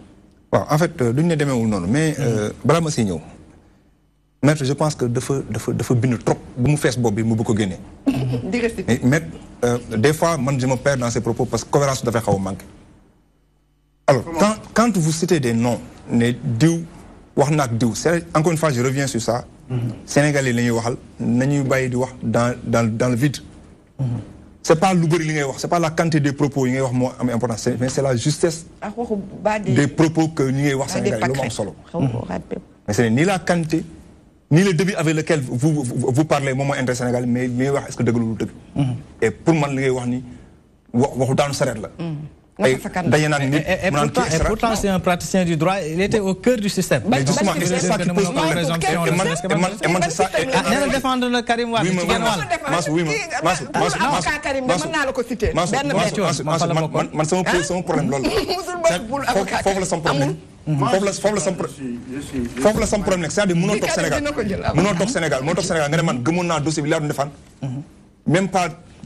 en fait euh, duñ ne ou non, mais mm-hmm. euh, balaa ma mais maître je pense que de de de bind trop bu mu trop de bi mu bëgg ko gêné. (laughs) maître euh, des fois moi, je me perds dans ses propos parce que cohérence dafay xaw a manqué. alors quand quand vous citez des noms né diw wax n'ak diw c'est encore une fois je reviens sur ça. Mm-hmm. Sénégalais la ñuy waxal nañuy bàyyi di dans dans dans le vide. Mm-hmm c'est pas pas la quantité des propos qui est wax mais c'est la justesse des propos que nous avons Sénégal mm-hmm. mais ce n'est ni la quantité ni le débit avec lequel vous vous parlez moment Sénégal mais ce que mm-hmm. et pour moi je wax ni et, pourtant, c'est un praticien du droit, il était au cœur du système. ça ça. Sénégal même pas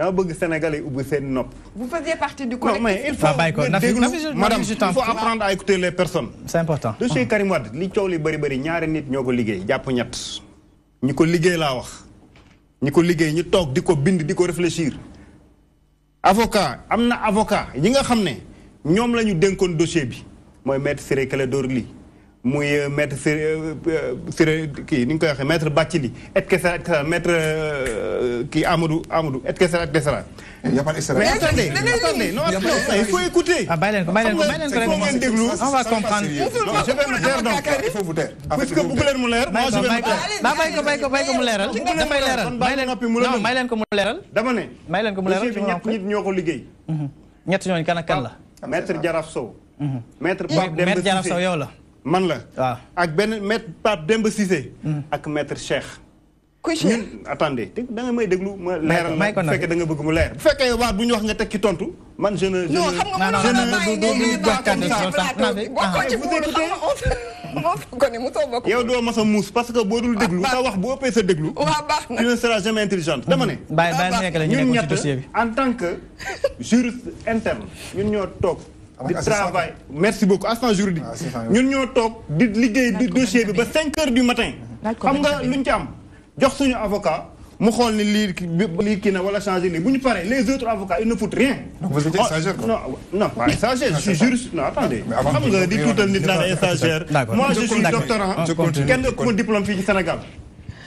dama bëgg Sénégal yi ubbi seen nopp. vous faisiez partie du collectif. madame il faut apprendre à écouter les personnes. c'est important. dossier Karim Wade li coow li bëri bëri ñaari nit ñoo ko liggéey jàpp ñett ñi la liggéey laa wax ñi ko liggéey ñu toog di bind di réfléchir. avocat am avocat yi nga xam ne ñoom la ñu dénkoon dossier bi mooy maître Ciré Clédor muy maître Siré kii ni ñu koy waxee maître Bathily et cetera et cetera maître kii Amadou Amadou et cetera et cetera. y' a pas de mais attendez attendez non il faut écouter. ah bàyyi leen ko bàyyi leen ko ngeen déglu on va comprendre. je vais me taire donc il faut vous taire. puisque bu leen mu leer moi je vais me taire. ba bàyyi ko bàyyi ko bàyyi ko mu leeral. dafay leeral bàyyi leen non bàyyi leen ko mu leeral. dama ne. bàyyi leen ko mu leeral monsieur bi ñett ñit ñoo ko liggéey. ñett ñooñu kan ak kan la. maître Jaraaf Sow. maître Pape Demba Cissé maître Jaraaf Sow yow la. man la. waaw ak benn maître Pape Demba Cissé. ak maître Cheikh. kuy Cheikh ñun attendez da nga may déglu ma. leeral la bu fekkee da nga bëgg mu leer. bu fekkee waa bu ñu wax nga tekki tontu. man je ne je ne non xam yow doo mas a muus parce que boo dul déglu sa wax bu ëppee sa déglu. waaw baax na tu dama ne. bi ñun ñett en tant que juriste interne ñun ñoo toog. di travail merci beaucoup assistant juridique ñun ñoo toog di liggéey di dossier bi ba 5 heures du matin xam nga luñ ci am jox suñu avocat mu xool ni lii lii kii na wala changé lii bu ñu paree les autres avocats ils ne foutent rien. donc vous étiez oh, stagiaire quoi. non non pas stagiaire je suis juriste non attendez. xam nga di tuutal nit naan stagiaire. moi je suis doctorant kenn ku ma diplôme fii ci Sénégal.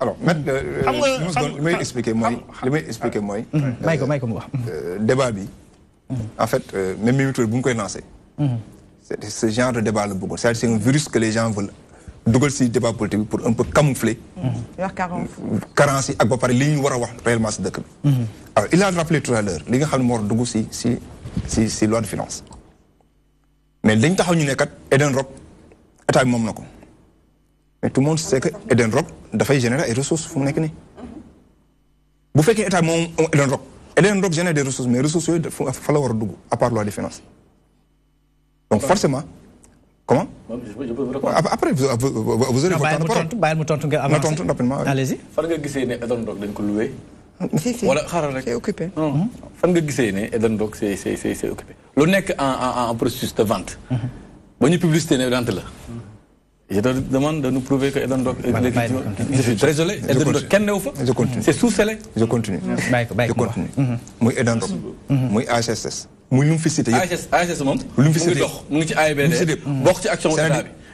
alors maître euh, xam expliquer moi, li expliquer moi. Michael, euh, Michael, euh, débat bi. Mm-hmm. en fait même Mimi Touré bu koy lancé. Mm-hmm. c'est ce genre de débat le cest un virus que les gens veulent Dougal si débat politique pour un peu camoufler. wax carence yi ak ba pare li a wax réellement si dëkk mm-hmm. alors il a rappelé tout à l'heure li nga ont ne moo si si si loi de finance mais dañ taxaw ñu ne kat Eden Rock état bi moom mais tout le monde sait que Eden Rock d'affaires générer les ressources fu mu Vous faites bu que état mon Eden Rock Eden Rock génère des ressources mais ressources yooyu fa la war à part loi des finances donc forcément comment. après vous vous aurez votre temps de parole. allez-y. Faut que gisee ne Eden Rock d'un ko loué. si. c'est occupé. Hmm? fan nga gisee Eden Rock c'est c'est c'est occupé. lu nekk en en en processus de vente. Hmm. ba ñu publicité ne vente là. Je demande de nous prouver que est Je suis désolé. Je continue. C'est sous-scellé. Je continue. Je continue. Moi, mhm. Eden Doc. Moi, HSS. Moi, HSS, HSS, action.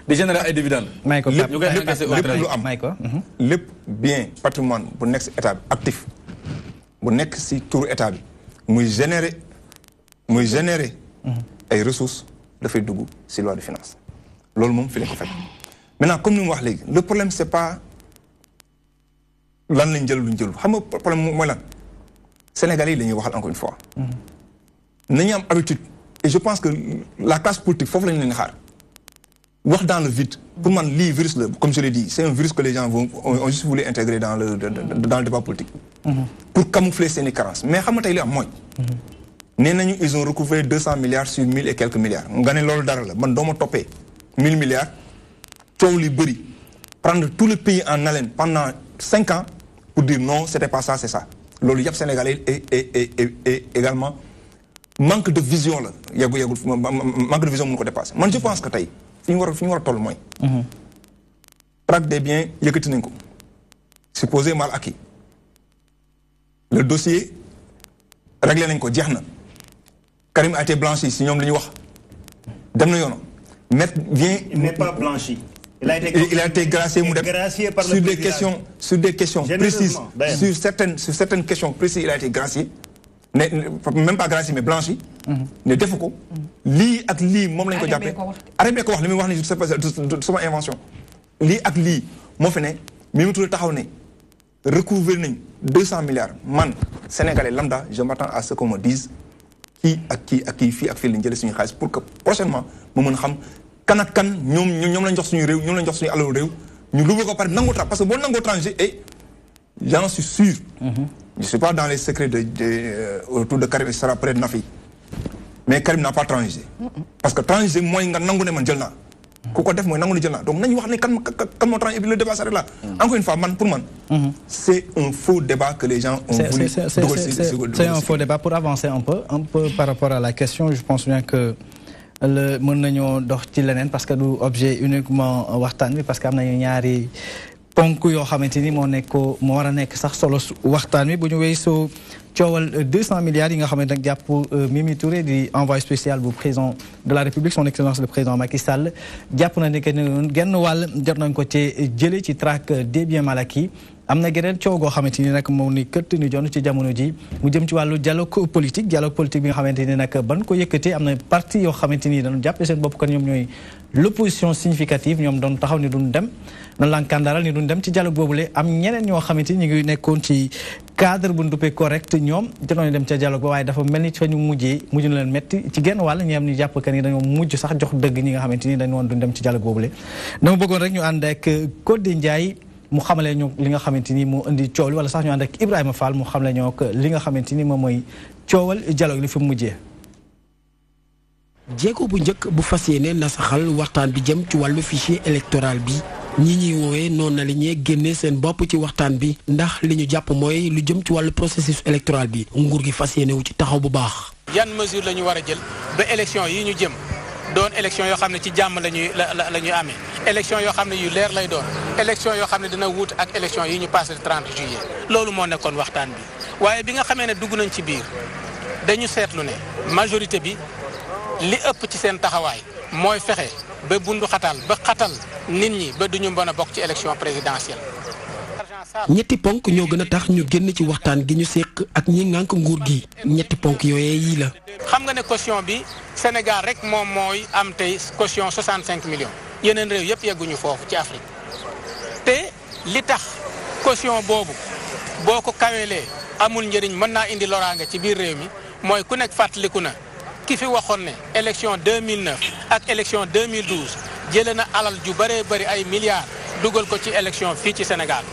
Des et dividendes. Le mhm. mhm. bien patrimoine pour next étape actif. Pour next générer. ressources de fait de goût, loi de finances. L'olmum, fait maintenant comme nous le problème c'est pas lan problème. jël problème Sénégalais yi la encore une fois. ils mm-hmm. am habitude. et je pense que la classe politique il faut que nous xaar dans le vide. pour man virus comme je l'ai dit c'est un virus que les gens ont juste voulu intégrer dans le dans le débat politique. Mm-hmm. pour camoufler ses carences mais xam nga tey li am mm-hmm. ils ont recouvert 200 milliards sur 1000 et quelques milliards On gagne gagné l'ordre la man doo topé 1000 milliards ton prendre tout le pays en haleine pendant 5 ans pour dire non c'était pas ça c'est ça Le sénégalais est également manque de vision là. manque de vision on ko Moi, je pense que c'est fini, ñu war a fi ñu a traque des biens yëkkati supposé mal acquis le dossier réglé nañ ko Karim a été blanchi si ñoom li wax dem il n'est pas blanchi. Il a été, il, a été gracié, gracié par sur, des questions, sur des questions précises. Ben. Sur certaines, sur certaines questions précises, il a été gracié. même pas gracié, mais blanchi. Mm -hmm. Ne defu mhm. Li ak li, mom lañ ko jappé. Arabé ko wax limi wax ni c'est pas sama invention. Li ak li mo fi né, mimi tour taxaw né recouvrir nañ 200 milliards. Man sénégalais lambda, je m'attends à ce qu'on me dise qui ak qui ak qui fi ak fi li jël suñu xaliss pour que prochainement mo mëna xam kan ak kan ñom ñoom lañ jox suñu réew ñom lañ jox suñu alalu réew ñu lu ko pare nangu tra parce que boo nangoo tranché et eh, j'en suis sûr. Mhm. je suis pas dans les secrets de euh, autour de Karim sera près de Nafi mais Karim n'a pas tranché. Mhm. parce que tranché mooy nga nangu ne man jël na ku ko def mooy nangu ne jël na donc nañ wax ne kan kan on tranché le débat s'arrête là. Mhm. encore une fois man pour man. c'est un faux débat que les gens ont voulu. c'est un faux débat pour avancer un peu un peu par rapport à la question je pense bien que le mën nañu dox ci leneen parce que du objet uniquement waxtaan bi parce que am nañu ñaari ponk yoo xamante ni moo nekk moo war a nekk sax solo waxtaan wi bu ñu weesoo coowal 200 milliards yi nga xamante nag jàpp euh, Mimi Touré di envoyé spécial bu président de la République son excellence le président Macky Sall jàpp na ne que genn wàll jot nañ ko ci jële ci traque des biens malaki am na geneen coow goo xamante ni nag moom ni këtt ni jon ci jamono ji mu jëm ci wàllu dialogue politique dialogue politique bi nga xamante ni nag ban ko yëkkatee am na parti yoo xamante ni dañu jàppe seen bopp kan ñoom ñooy l'opposition significative doon taxaw ni duñ dem noonu la kàndaaral ni duñ dem ci dialogue boobule am ñeneen ñoo xamante ni ñu ngi nekkoon ci cadre bu duppee correct ñoom jotoon dem ca dialogue ba waaye dafa mel ni ñu mujjee mujj na leen métti ci genn wàll jàpp que ni dañoo mujj sax jox dëgg ñi nga xamante ni dañu woon duñ dem ci dialogue boobule dama bëggoon rek ñu ànd ak Codé Ndiaye mu xamalee ñu li nga xamante ni mu indi coowal wala sax ñu ànd ak Ibrahima Fall mu xamle ñoo ko li nga xamante ni moom mooy coowal dialogue li fi mujjee. jéego bu njëkk bu fas yéene nasaxal waxtaan bi jëm ci wàllu fichier électoral bi ñi ñuy woowee noonu na li ñee génne seen bopp ci waxtaan bi ndax li ñu jàpp mooy lu jëm ci wàllu processus électoral bi nguur gi fas yéene wu ci taxaw bu baax. yan mesure la ñu war a jël ba élection yi ñu jëm. doon élection yoo xam ne ci jàmm la ñuy la la ñuy amee élection yoo xam ne yu leer lay doon élection yoo xam ne dina wuut ak élection yi ñu passé 30 juillet loolu moo nekkoon waxtaan bi waaye bi nga xamee ne dugg nañ ci biir dañu seetlu ne majorité bi li ëpp ci seen taxawaay mooy fexe ba bundu xatal ba xatal nit ñi ba duñu mën a bokk ci élection présidentielle ñetti ponk ñoo gën a tax ñu génn ci waxtaan gi ñu séq ak ñi ŋànk nguur gi ñetti ponk yooyee yii la. xam nga ne caution bi Sénégal rek moom mooy am tey caution 65 millions yeneen yëpp yegguñu foofu ci Afrique te li tax caution boobu boo ko kaweelee amul njëriñ mën naa indi loraange ci biir réew mi mooy ku nekk fàttaliku na ki fi waxoon ne élection 2009 ak élection 2012 jëlee na alal ju bëree bari ay milliards dugal ko ci élection fii ci Sénégal.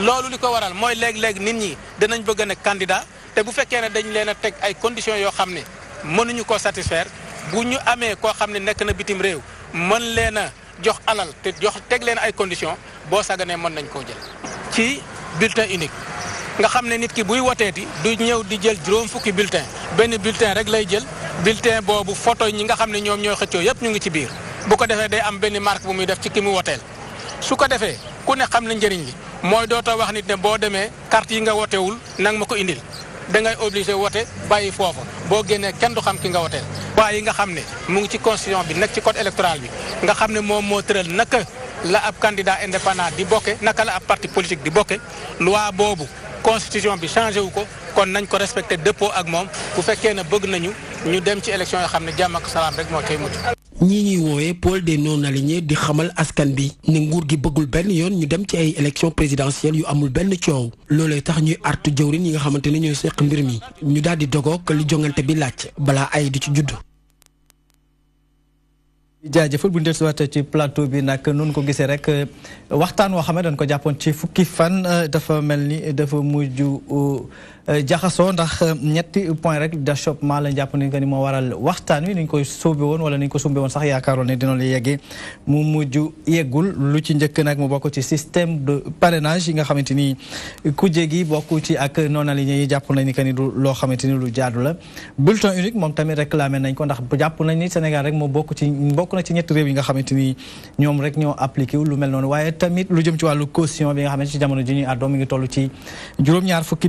loolu li ko waral mooy léeg-léeg nit ñi danañ bëgg a nekk te bu fekkee ne dañ leen a teg ay conditions yoo xam ne mënuñu ko satisfaire bu ñu amee koo xam ne nekk na bitim réew mën leen a jox alal te jox teg leen ay conditions boo saganee mën nañ koo jël. ci bulletin unique nga xam ne nit ki buy woteeti du ñëw di jël juróom fukki bulletin benn bulletin rek lay jël bulletin boobu photo ñi nga xam ne ñoom ñooy xëccoo yëpp ñu ngi ci biir bu ko defee day am benn marque bu muy def ci ki mu woteel su ko defee. ku ne xam na njëriñ li mooy dootoo wax nit ne boo demee carte yi nga wotewul nang ma ko indil dangay obligé wote bàyyi foofu boo génnee kenn du xam ki nga woteel waaye yi nga xam ne mu ngi ci constitution bi nekk ci code électoral bi nga xam ne moom moo tëral naka la ab candidat indépendant di bokke naka la ab parti politique di bokke loi boobu constitution bi changé wu ko kon nañ ko respecté dëppoo ak moom bu fekkee ne bëgg nañu ñu dem ci élection yoo xam ne jàmm ak salaam rek moo koy mujj ñi ñuy woowee pôle des non alignés di xamal askan bi ne nguur gi bëggul benn yoon ñu dem ci ay élection présidentielle yu amul benn coow loolee tax ñuy artu jëwrin yi nga xamante ne ñooy seq mbir mi ñu daal di dogook jongante bi laaj balaa ay di ci judd. jaajëfal bu ñu dellusiwaat ci plateau bi nag noonu ko gisee rek waxtaan woo xam ne ko jàppoon ci fukki fan dafa mel ni dafa mujj. Euh, jaxasoo ndax euh, ñetti point rek d'achoppement lañ jàpp ni que ni moo waral waxtaan wi ni koy sóobe woon wala ni ñu ko sumbe woon sax yaakaaroon ne dina la yeggee mu mujj yeggul lu ci njëkk nag mu bokk ci système de parrainage yi nga xamante ni kuje gi bokk ci ak non yi jàpp nañ ni que ni du loo xamante ni lu jaadu la. bulletin unique moom tamit réclamé nañ ko ndax jàpp nañ ni Sénégal rek moo bokk ci bokk na ci ñetti réew yi nga xamante ni ñoom rek ñoo appliqué lu mel noonu waaye tamit lu jëm ci wàllu caution bi nga xamante ci jamono ji ñuy àddoo mi ngi toll ci juróom-ñaar fukki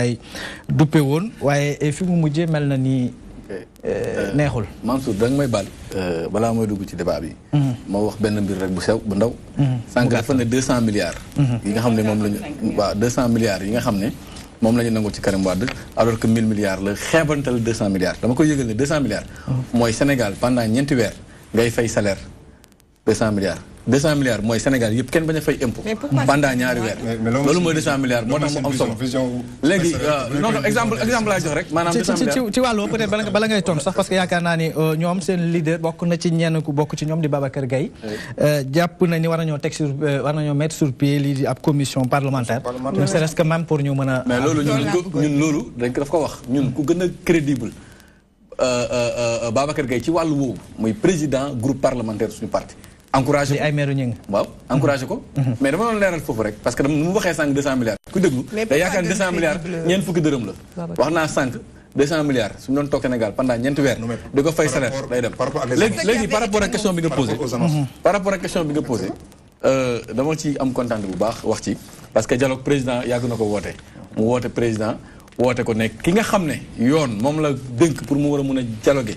Ndiaye duppe woon waaye eh, fi mu mujjee mel na ni eh, eh, neexul. Mansour da nga may baal. balaa mooy dugg ci débat bi. Mhm. ma wax benn mbir rek bu sew bu ndaw. Mhm. sànq dafa ne mhm. deux cent milliards. yi nga xam ne moom la ñu waaw deux yi nga xam ne. moom la ñu nangu ci Karim Wade alors que 1000 milliards la xeebantal 200 milliards dama koy yëgal ne 200 milliards. Oh. mooy Sénégal pendant ñeenti weer ngay fay salaire 200 milliards. 200 milliards mooy Sénégal yëpp kenn bañ a fay impôt. pendant ñaari weer. loolu mooy milliards moo tax mu am euh, rek. maanaam 200 milliards ci ci wàllu peut-être bala ngay tontu sax parce que yaakaar naa ni euh, ñoom seen leader bokk na ci ñenn ku bokk ci ñoom di Babacar Gaye euh, jàpp na ni war nañoo teg sur war nañoo mettre sur pied pour ñu mën a. mais loolu ñun ñun loolu dañ ko daf ko wax ñun ku gën a baba kër Gaye ci wàllu woowu mooy président groupe parlementaire suñu parti. encouragé ko ay maire ñu ngi mais dama doon leeral foofu rek parce que dama nu mu waxee sànq deux cent milliards ku déglu day yaakaar deux cent milliards ñeent fukki dërëm la wax naa cent milliards su doon toog Sénégal pendant ñeenti weer di ko fay salaire day dem léegi par rapport ak question bi nga posé mhm. par rapport ak question bi nga posé euh, dama ci am kontaan bu baax wax ci parce que dialogue président yàgg na ko woote mu woote président woote ko nekk ki nga xam ne yoon moom la dénk pour mu war a mun a dialoguer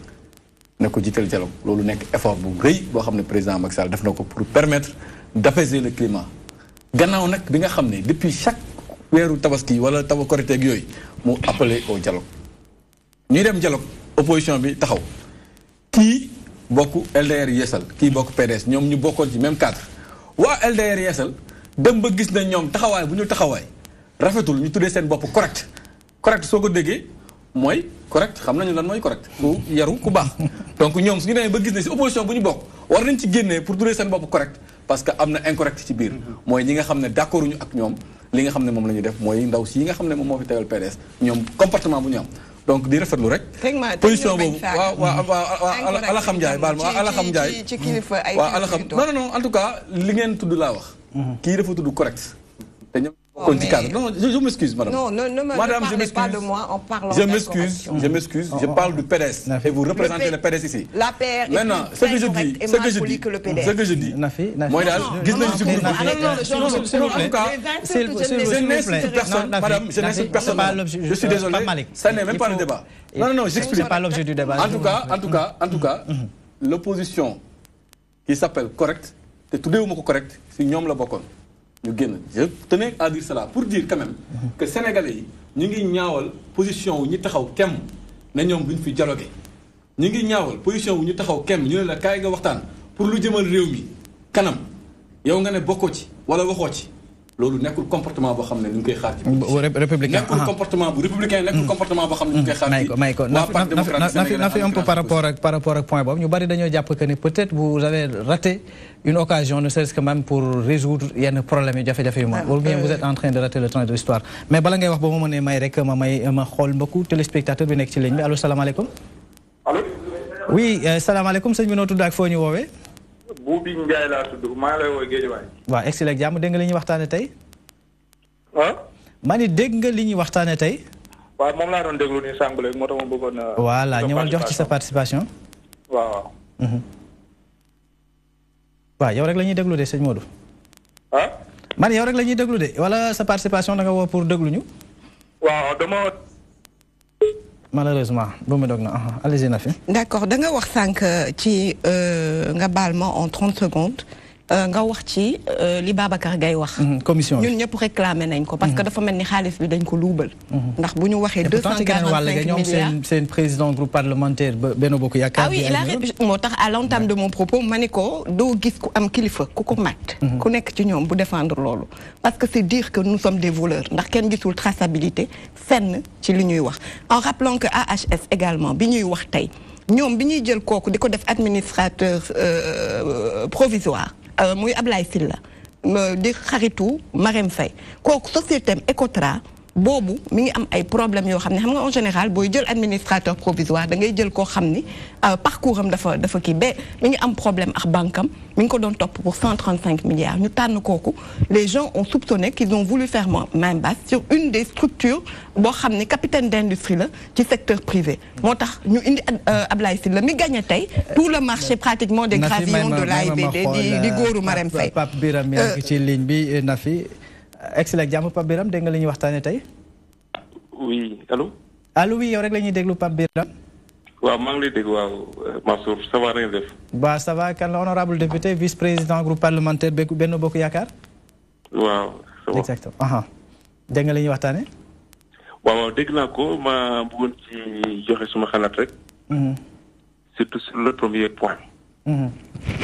ne jitel dialogue loolu nek effort président Macky Sall def pour permettre d'apaiser le climat gannaaw nous bi nga xamné depuis chaque wéru tabaski wala mu appelé au dialogue ñu dem dialogue opposition bi taxaw ki un LDR qui ki bokku PDS ñom ñu Nous ci même cadre wa LDR yeesal dem ba gis na ñom taxaway bu ñu taxaway rafetul ñu correct correct mooy correct xam nañu lan mooy correct ku yaru ku baax donc ñoom su suñu demee ba gis ne si opposition bu ñu bokk war nañ ci génnee pour tuddee seen bopp correct parce que am na incorrect ci biir mooy ñi nga xam ne d'accord ñu ak ñoom li nga xam ne moom la ñuy def mooy ndaw si yi nga xam ne moom moo fi tegal PDS ñoom comportement bu ñu donc di rafetlu rek position boobu waaw waaw waaw alaxam Njaay baal ma alaxam Njaay waaw alaxam non non non en tout cas li ngeen tudd laa wax mhm. kii dafa tudd correct Oh, mais... Non, je, je m'excuse, madame. Non, non, non, madame, ne parlez pas de moi en parlant Je m'excuse, je m'excuse, je oh, oh, parle du PDS. Et vous représentez le, PDS ici. La PR Maintenant, ce que je dis, ce que je dis, ce que je dis, moi, là, je n'ai pas de S'il vous plaît, je n'insulte personne, madame, je n'insulte personne. Je suis désolé, ça n'est même pas le débat. Non, non, non, j'explique. pas l'objet du débat. En tout cas, en tout cas, en tout cas, mm-hmm. l'opposition qui s'appelle correcte, c'est te tuddewuma ko correct c'est ñoom la bokkoon. ñu génn je tenais à dire cela pour diir quand même que yi ñu ngi ñaawal position wu ñu taxaw kemm ne ñoom duñ fi dialogué ñu ngi ñaawal position wu ñu taxaw kemm ñu ne la kaay nga waxtaan pour lu jëmal réew mi kanam yow nga ne bokkoo ci wala waxoo ci loolu nekkul comportement boo xam ne ñu ngi koy xaar ci. républicain nekkul ah. comportement bu républicain nekkul comportement boo xam ne ñu ngi koy xaar ci. may ko may ko na un peu par rapport ak par rapport ak point boobu ñu bari dañoo jàpp que ne peut-être vous avez raté une occasion ne serait-ce que même pour résoudre yenn problème yu jafe-jafe yu ah, moom. wala bien euh, vous êtes en train de rater le train de l'histoire mais bala ngay wax ba ma mënee may rek ma may ma xool mbokku téléspectateur bi nekk ci ligne bi allo salaamaaleykum. allo. oui euh, salaamaaleykum sëñ bi noo tudd ak foo ñu woowee. Boubi Ndiaye laa tudd maa lay woowee Géejawaay. waaw egsi la ak jàmm dégg nga li ñuy waxtaanee tey. ah. ma ni dégg nga li ñuy waxtaanee tey. waaw moom laa doon déglu nii sànq léegi moo ma bëggoon a. Euh, voilà ñëwal jox sa participation. waaw. waaw mhm. yow rek lañuy ñuy déglu de sëñ Modou. ah. man yow rek la ñuy déglu de wala sa participation da woo pour déglu ñu. malheureusement je mu allez y Nafi. d'accord da nga wax sànq ci euh, nga en 30 secondes euh, nga wax ci euh, li Babacar gay wax. Mhm, commission ñun ñep réclamer nañ ko. parce que mhm. dafa melni ni bi dañ ko loubal mhm. ndax buñu waxé waxee deux cent quarante cinq milliards président groupe parlementaire Benno Bokk Yaakaar. ah oui il a motax à l'entame de mon propos ma ne ko doo gis ku am kilifa ku ko mat. ku nek ci ñom bu défendre lolu parce que c'est dire que nous sommes des voleurs ndax kenn gisul traçabilité fenn ci li ñuy wax en rappelant que AHS également bi ñuy wax tay ñom bi ñuy jël koku diko def administrateur euh, provisoire. Euh, muy Ablaye Sylla di xaritu Marème Faye kooku société am Ecotra boobu mi ngi am ay problèmes yoo xam xam nga en général booy jël administrateur provisoire da ngay jël koo xam ni euh, parcours am dafa dafa kii ba mi ngi am problème ak banque mi ngi ko doon topp pour 135 milliards ñu tànn kooku les gens ont soupçonné qu'ils ont voulu faire main basse sur une des structures boo xam capitaine d'industrie la ci secteur privé moo tax ñu indi euh, Ablaye Mais mi gagné tout le marché pratiquement des gravillons de l'AIBD di di euh, gorou, Marème Faye Pape excellent jàmm Pape Biram dégg nga li ñuy waxtaanee tey. oui allo. allo oui yow rek la ñuy déglu Pape Biram. waaw maa ngi lay dégg waaw Mansour ça va rien def. waaw ça va kan la honorable député vice président groupe parlementaire Benno Bokk Yaakaar. waaw. dégg nga naa ko ma bëggoon ci joxe suma xalaat rek. Mhm. surtout sur le premier point. Mhm.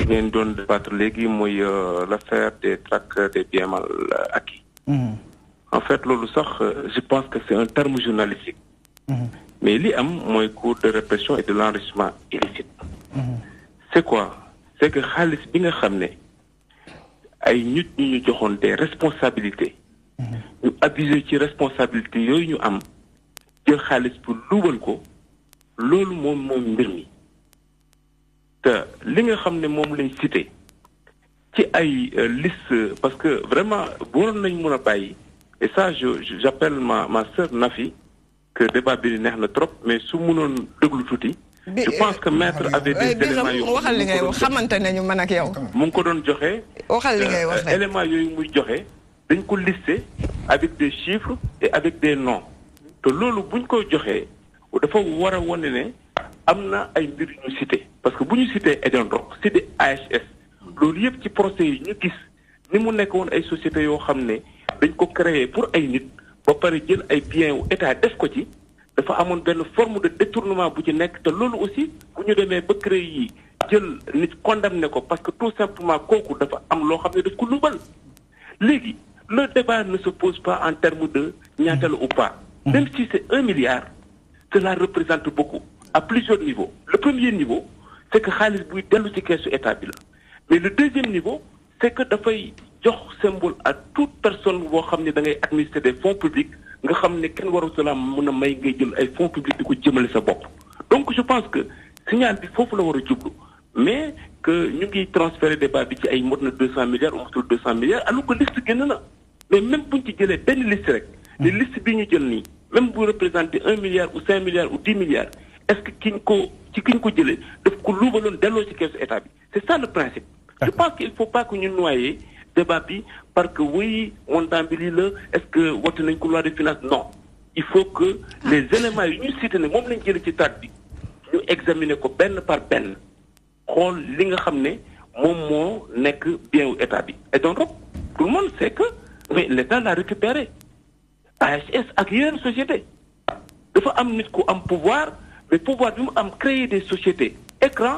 ngeen doon débattre léegi mooy euh, l'affaire des tracts des biens mal acquis. Mm-hmm. en fait sax euh, je pense que c'est un terme journalistique. Mm-hmm. mais li am un cours de répression et de l'enrichissement illicite. Mm-hmm. c'est quoi c'est que Khalis bi nga xamné ay nit ñu des responsabilités. ñu abuser ci responsabilité pour ñu am Khalis pour luubal ko ce que mom mbir te li nga ci ay euh, liste parce que vraiment waroon nañ mën a bàyyi et ça je j'appelle ma ma sœur Nafi que débat bi neex na trop mais su mënoon déglu tuuti. je pense que euh, maître euh, avait des éléments yoo waxal li ngay wax xamante nañu man ak yow. mu ngi ko doon joxe. waxal li ngay wax rek éléments yooyu muy joxe dañ ko listé avec des chiffres et avec des noms te loolu buñ ko joxee dafa war a wane ne am na ay mbir ñu cité parce que bu ñu cité Eden Rock cité AHS loolu yëpp ci procès yi ñu gis ni mu nekk woon ay sociétés yoo xam ne dañ ko créer pour ay nit ba pare jël ay biens wu état def ko ci dafa amoon benn forme de détournement bu ci nekk te loolu aussi bu ñu demee ba créer yi jël nit condamné ko parce que tout simplement kooku dafa am loo xam ne daf ko lubal léegi le débat ne se pose pas en terme de ñaata ou pas. Mmh. même si c'est un milliard cela représente beaucoup à plusieurs niveaux le premier niveau c'est que xaalis buy dellu ci keesu état bi la mais le deuxième niveau c'est que fait, jox symbole à toute personne qui xamné da ngay administrer des fonds publics nga xamné ne waru cela, mëna may ngay jël ay fonds publics qui ko sa bop donc je pense que signal bi fofu la wara jublu mais que ñu ngi transférer des bi ci ay mot na 200 milliards ou matul 200 milliards alors que liste genn na mais même buñ ci jëlé ben liste rek les liste bi ñu jël ni même bu représenter 1 milliard ou 5 milliards ou 10 milliards est-ce que kiñ ko ci kiñ ko jëlé daf ko ci état bi c'est ça le principe je pense qu'il ne faut pas que nous noyer débat parce que oui, on t'embellit là, est-ce que vous avez une couloir de finance Non. Il faut que les ah. éléments une nous les lañ ci nous examiner par benn xool li nga n'est ne bien établi et donc tout le monde sait que l'état l'a récupéré AHS créé une société Il faut amener un pouvoir le pouvoir de créer des sociétés écran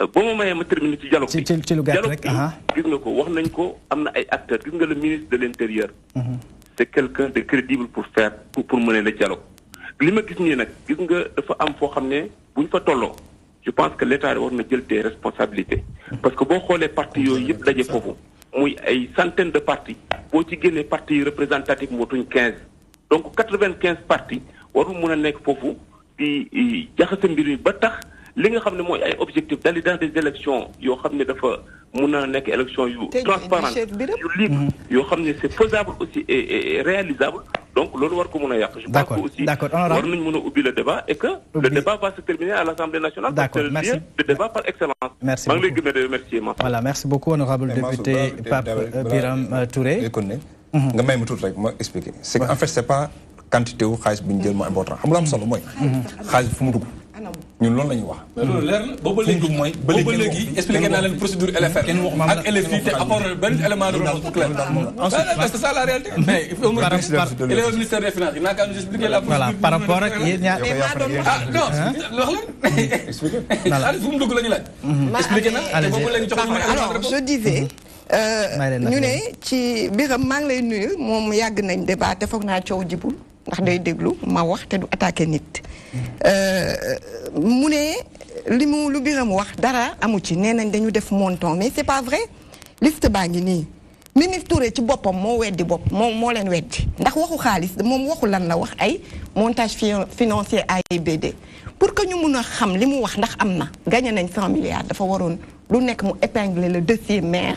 Euh, boo ma mayee ma terminer ci dialogue bi ci lu gàtt rek gis nga ko wax nañ ko amna ay acteurs gis nga le ministre de l'Intérieur, mhm. c'est quelqu'un de crédible pour faire pour pour mener le dialogue li ma gis nii nag gis nga dafa am fo xamné buñ fa tolloo je pense que l'État war na jël des responsabilités. Mhm. parce que bo xolé parti yoy yep dajé fofu muy ay centaines de partis bo ci génnee parti représentatif mootuñ 15, donc 95 partis warul mëna nek fofu foofu di jaxase mbir mi ba tax li nga xam ne mooy ay objectifs dans des élections yoo xam ne dafa mun a nekk élection yu transparente yu libre mhm. yoo xam ne c'est faisable aussi et réalisable donc loolu war ko mën a yàq je pense que aussi war nañ mën a ubbi le débat et que le débat va se terminer à l'Assemblée nationale parce que le débat par excellence merci maa ngi lay gën a remercier ma voilà merci beaucoup honorable député Pape euh, Biram euh, Touré mhm. nga may ma tuuti rek ma expliquer c'est que en fait c'est pas quantité wu xaalis bi ñu jël moo important xam nga am solo mooy xaalis fu mu dugg ñun loolu la ñu wax. loolu leer na booba léegi mooy. ba léegi expliqué naa leen procédure LFR ak LFI te apport benn élément de réponse clair. ensuite parce que ça la réalité. mais il faut ma il est au ministère des finances il n'a qu'à nous expliquer la procédure. voilà par rapport ak yéen ñaar ah non hein? wax leen. expliqué (laughs) voilà fu mu dugg la ñu laaj. expliqué na te booba léegi jox nañu alors je disais. Mhm. Euh, ñu ne ci biram maa ngi lay nuyu moom yàgg nañ débat te foog naa coow jibul ndax day déglu ma wax te du attaqué nit. Euh, mu ne li mu lu biram wax dara amu ci nee nañ dañu def montant mais c'est pas vrai liste baa ngi nii. ministre Touré ci boppam moo weddi bopp moom moo leen weddi ndax waxu xaalis moom waxu lan la wax ay montage financier AIBD pour que ñu mun a xam li mu wax ndax am na gagné nañ 100 milliards dafa waroon lu nekk mu épingler le dossier maire.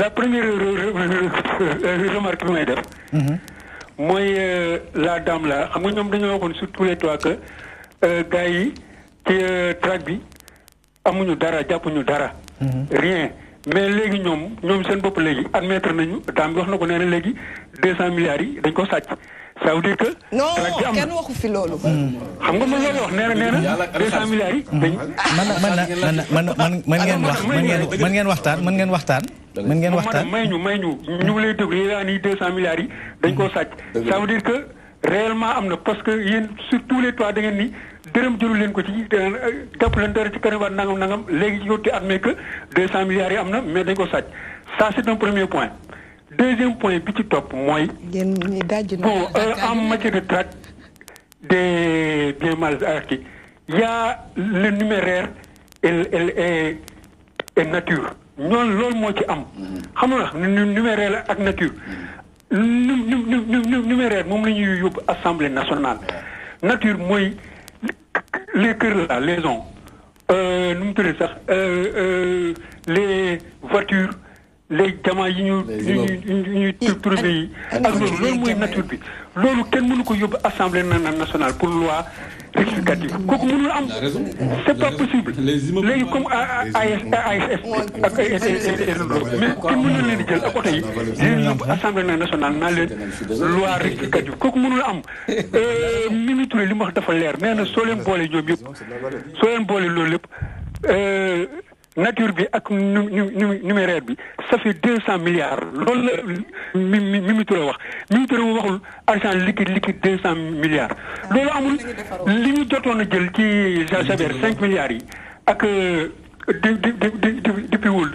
la première remarque bi mhm. euh, la dame là nga sur tous les toits que euh, gars yi ci euh, dara mhm. rien mais les gens seen admettre dame milliards yi dañ ça veut dire que. non kenn waxu fi loolu. Hmm. xam nga man loolu wax nee na nee na 200 yi. man man man man man ngeen wax ngeen waxtaan man ngeen waxtaan. man ngeen waxtaan may ñu may ñu ñu ngi lay déglu yéen a ngi 200 milliards yi dañ koo sàcc. ça que réellement am na parce que yéen surtout tous les toits da ngeen ni dërëm jëlu leen ko ci euh, jàpp leen dara ci périmètre nangam nangam léegi yow te admet que 200 milliards yi am na mais dañ koo sàcc ça c'est un premier point. deuxième point petit top, moi, en matière de traite des bien il y a le numéraire et et nature. Nous loolu moo am. xam numéraire ak nature. numéraire la ñuy nationale. nature les kër les nous les voitures. les jamono yi ñu. ñu ñu trouvé yi. ak loolu loolu mooy nature bi. loolu kenn mënu ko yóbbu assemblée nationale pour loi rectificative kooku mënul am. c'est pas possible. léegi comme ASF ak ay mais kenn mënul leen jël ak oto yi di leen yóbbu assemblée nationale naa leen loi rectificative kooku mënul am. Mimi Touré li mu wax dafa leer nee na soo leen boole ñoom yëpp soo leen boole loolu lépp. nature bi ak numéraire ça fait 200 milliards loolu la mimitura wax mimitura waxul argent liquide liquide 200 milliards loolu amul li ñu jotoon 5 milliards euh, depuis où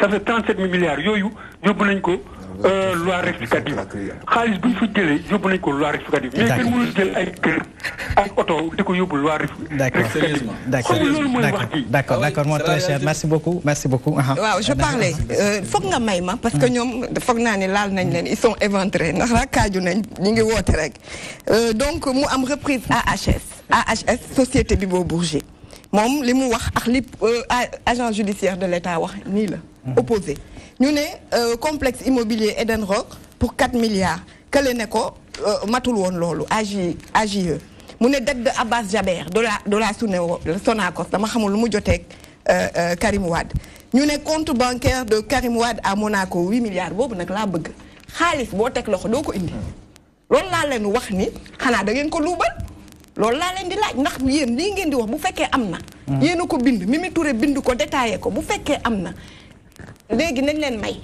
ça fait 37 milliards yooyu yóbbu nañ ko euh, loi rectificative xaalis bu ñu fa jëlee yóbbu nañ ko loi rectificative. mais kenn mënul jël ay kër ay oto di ko yóbbu loi rectificative. d' accord d' accord d' accord mon très cher merci beaucoup merci beaucoup. waaw je parlais euh, foog nga may ma parce que hmm. ñoom foog naa ne laal nañ leen ils sont éventrés ndax kaaju nañ ñu ngi woote rek euh, donc mu am reprise AHS AHS société bi boo bourger moom li mu wax ak li agent judiciaire de l' état wax nii la hmm. opposé ñu ne euh, complexe immobilier Eden Rock pour 4 milliards Quel est ko euh, matul woon loolu agi AGE mu ne dette de Abbas Jaber de la de la Sunewo Sonacos dama xamul lu mu euh, Karim Wade ñu compte bancaire de Karim Wade à Monaco 8 milliards boobu nag laa bëgg xaalis boo teg loxo doo ko indi loolu laa leen wax ni xanaa da ngeen ko luubal la laa leen di laaj ndax yeen lii ngeen di wax bu fekkee am na. Mm. yéen a ko bind Mimi Touré bind ko détaillé ko bu fekkee am na léegi nañ leen may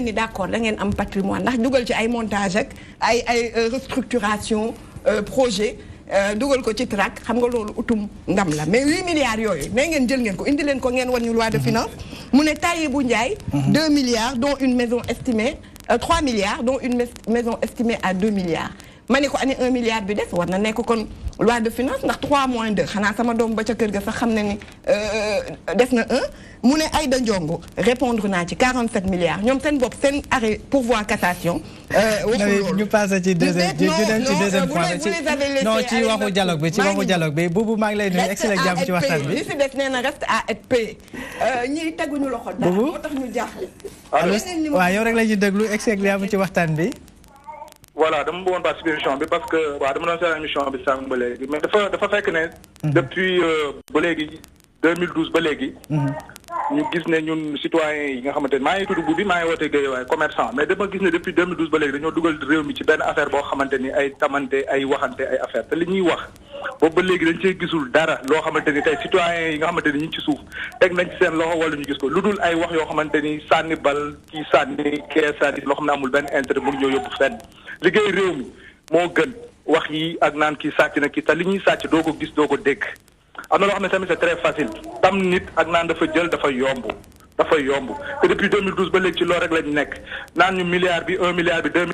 ni d'accord da ngeen am patrimoine ndax dugal ci ay montage ak ay ay euh, restructuration euh, projet euh, dugal ko ci trac xam nga utum ndam mais 8 milliards yooyu nee ngeen jël ko indi ko loi de mhm. finances, mu ne 2 mhm. deux milliards dont une maison estimée 3 milliards dont une maison estimée à 2 milliards Maniko, ani un milliard bi def war na loi de finance ndax moins De, sama dom ba ca keur ga sax ni euh, euh, un Aïda répondre na ci 47 milliards arrêt cassation. euh ñu passé ci deuxième dem ci deuxième point non waxu dialogue bi ci waxu dialogue bi lay nuyu excellent jam ci waxtan bi ci un reste à être euh, payé. loxo ñu yow rek voilà dama bëggoon pas suivre émission bi parce que waaw dama doon seetaan émission bi sànq ba léegi mais dafa dafa fekk ne. Mhm. depuis euh, ba léegi 2012 ba léegi. Mhm. ñu gis ne ñun citoyens yi nga xamante ne maa ngi tudd guddi maa ngi wootee Guédiawaye commerçant mais dama gis ne depuis 2012 ba léegi dañoo dugal réew mi ci benn affaire boo xamante ni ay tamante ay waxante ay affaire te li ñuy wax. boobu ba léegi dañ cee gisul dara loo xamante ni tey citoyens yi nga xamante ni ñu ci suuf teg nañ ci seen loxo wala ñu gis ko lu dul ay wax yoo xamante ni sànni bal kii sànni kee sànni loo xam ne amul benn intérêt mu ngi ñoo yóbbu fenn liggéey réew mi moo gën wax yi ak naan ki sàcc na ki te li ñuy sàcc doo ko gis doo ko dégg am na loo xam ne tamit c'est très facile tam nit ak naan dafa jël dafa yomb dafa yomb te depuis 2012 ba léegi ci loolu rek lañ nekk naan ñu milliard bi 1 milliard bi deux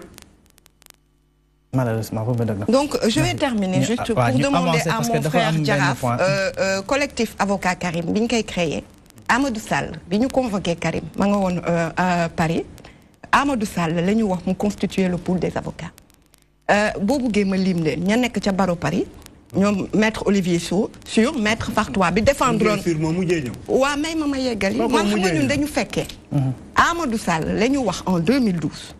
Donc, euh, je vais terminer juste euh, pour demander à mon frère Djaraf, euh, euh, collectif avocat Karim, bien créé, Amadou Sall, bien convoqué Karim, euh, à Paris. Amadou Sall la ñu wax mu constituer le pool des avocats euh boo buggee ma lim leen ña nekk ca baro Paris ñom maître Olivier Sow sur maître Fartois bi défendre défendroon wa may ma ma yeggal yi xam nga ñun dañu féké mhm. Amadou Sall la ñu wax en 2012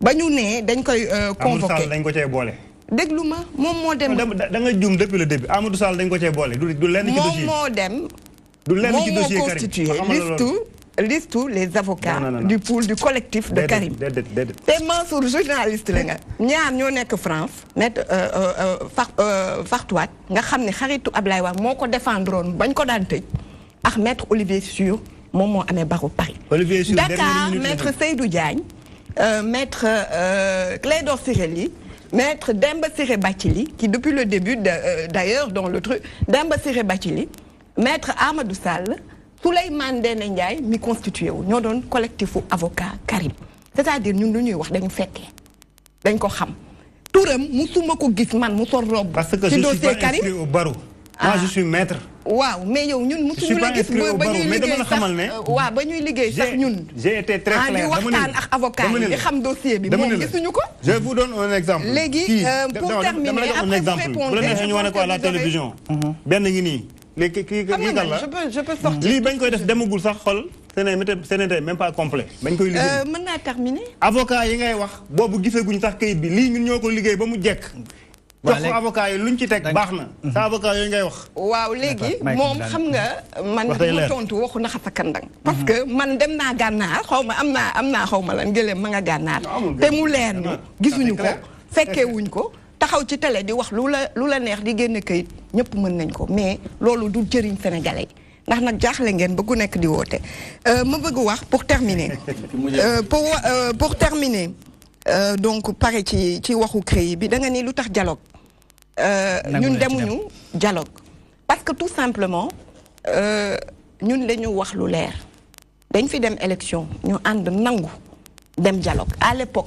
ba ñu nee dañ koy euh, convoqué dañ ko cay bolé déglu mom mo dem da nga juum depuis le début Amadou Sall dañ ko cee bolé du lenn ci dossier moom moo dem du lenn ci dossier Karim tous les avocats du pool du collectif de Karim sur sur journaliste France euh, euh, euh, Fartouat ah, Olivier Sur Paris Dakar maître Seydou Diagne maître Clédo Cirelli maître Demba Siré qui depuis le début d'ailleurs dans le truc Demba Siré Batili, maître Amadou Souleymane Ndéné Ndiaye mi constitué wu ñoo doon collectifu avocat Karim c'est-à-dire ñun lu ñuy wax dañu fekkee dañ ko xam turam musuma ko gis man mu sol robe. parce que je suis pas inscrit au barreau. moi je ah. suis maître. waaw mais yow ñun musuñu la gis ba ñuy liggéey sax euh, waaw ba ñuy liggéey sax ñun. j'ai été très ah, clair di waxtaan ak avocat yi xam dossier bi moom gisuñu ko. je vous donne un exemple. léegi euh, pour terminer après vous répondez. bu la wane ko la télévision. ben ngi nii. léegi kii kii kan lii bañ koy def demagul sax xol ce n'était même pas complet bañ koy liggéey euh, mën naa terminer avocat yi ngay wax boobu giseguñ sax kayit bi lii ñu ñoo ko liggéey ba mu jekk jox ko avocat yi luñ ci teg baax na mhm. sa avocat yooyu ngay wax waaw léegi moom xam nga man na tontu waxu naxa sakandang mhm. parce que man dem naa gànnaar xaw ma am naa am naa xaw ma lan gëléem ma nga gànnaar te mu leer ni ah, gisuñu ko fekkee wuñ ko taxaw ci télé di wax lu la lu la neex di génn kayit ñëpp mën nañ ko mais loolu du jëriñ sénégalais ndax nag jaaxle ngeen ba ku nekk di woote euh, ma bëgg wax pour terminer (laughs) euh, pour euh, pour terminer donc pare ci ci waxu CREI bi da nga ni lu tax dialogue ñun demuñu dialogue parce que tout simplement ñun lañu wax lu leer dañ fi dem élection ñu ànd nangu dem dialogue à l'époque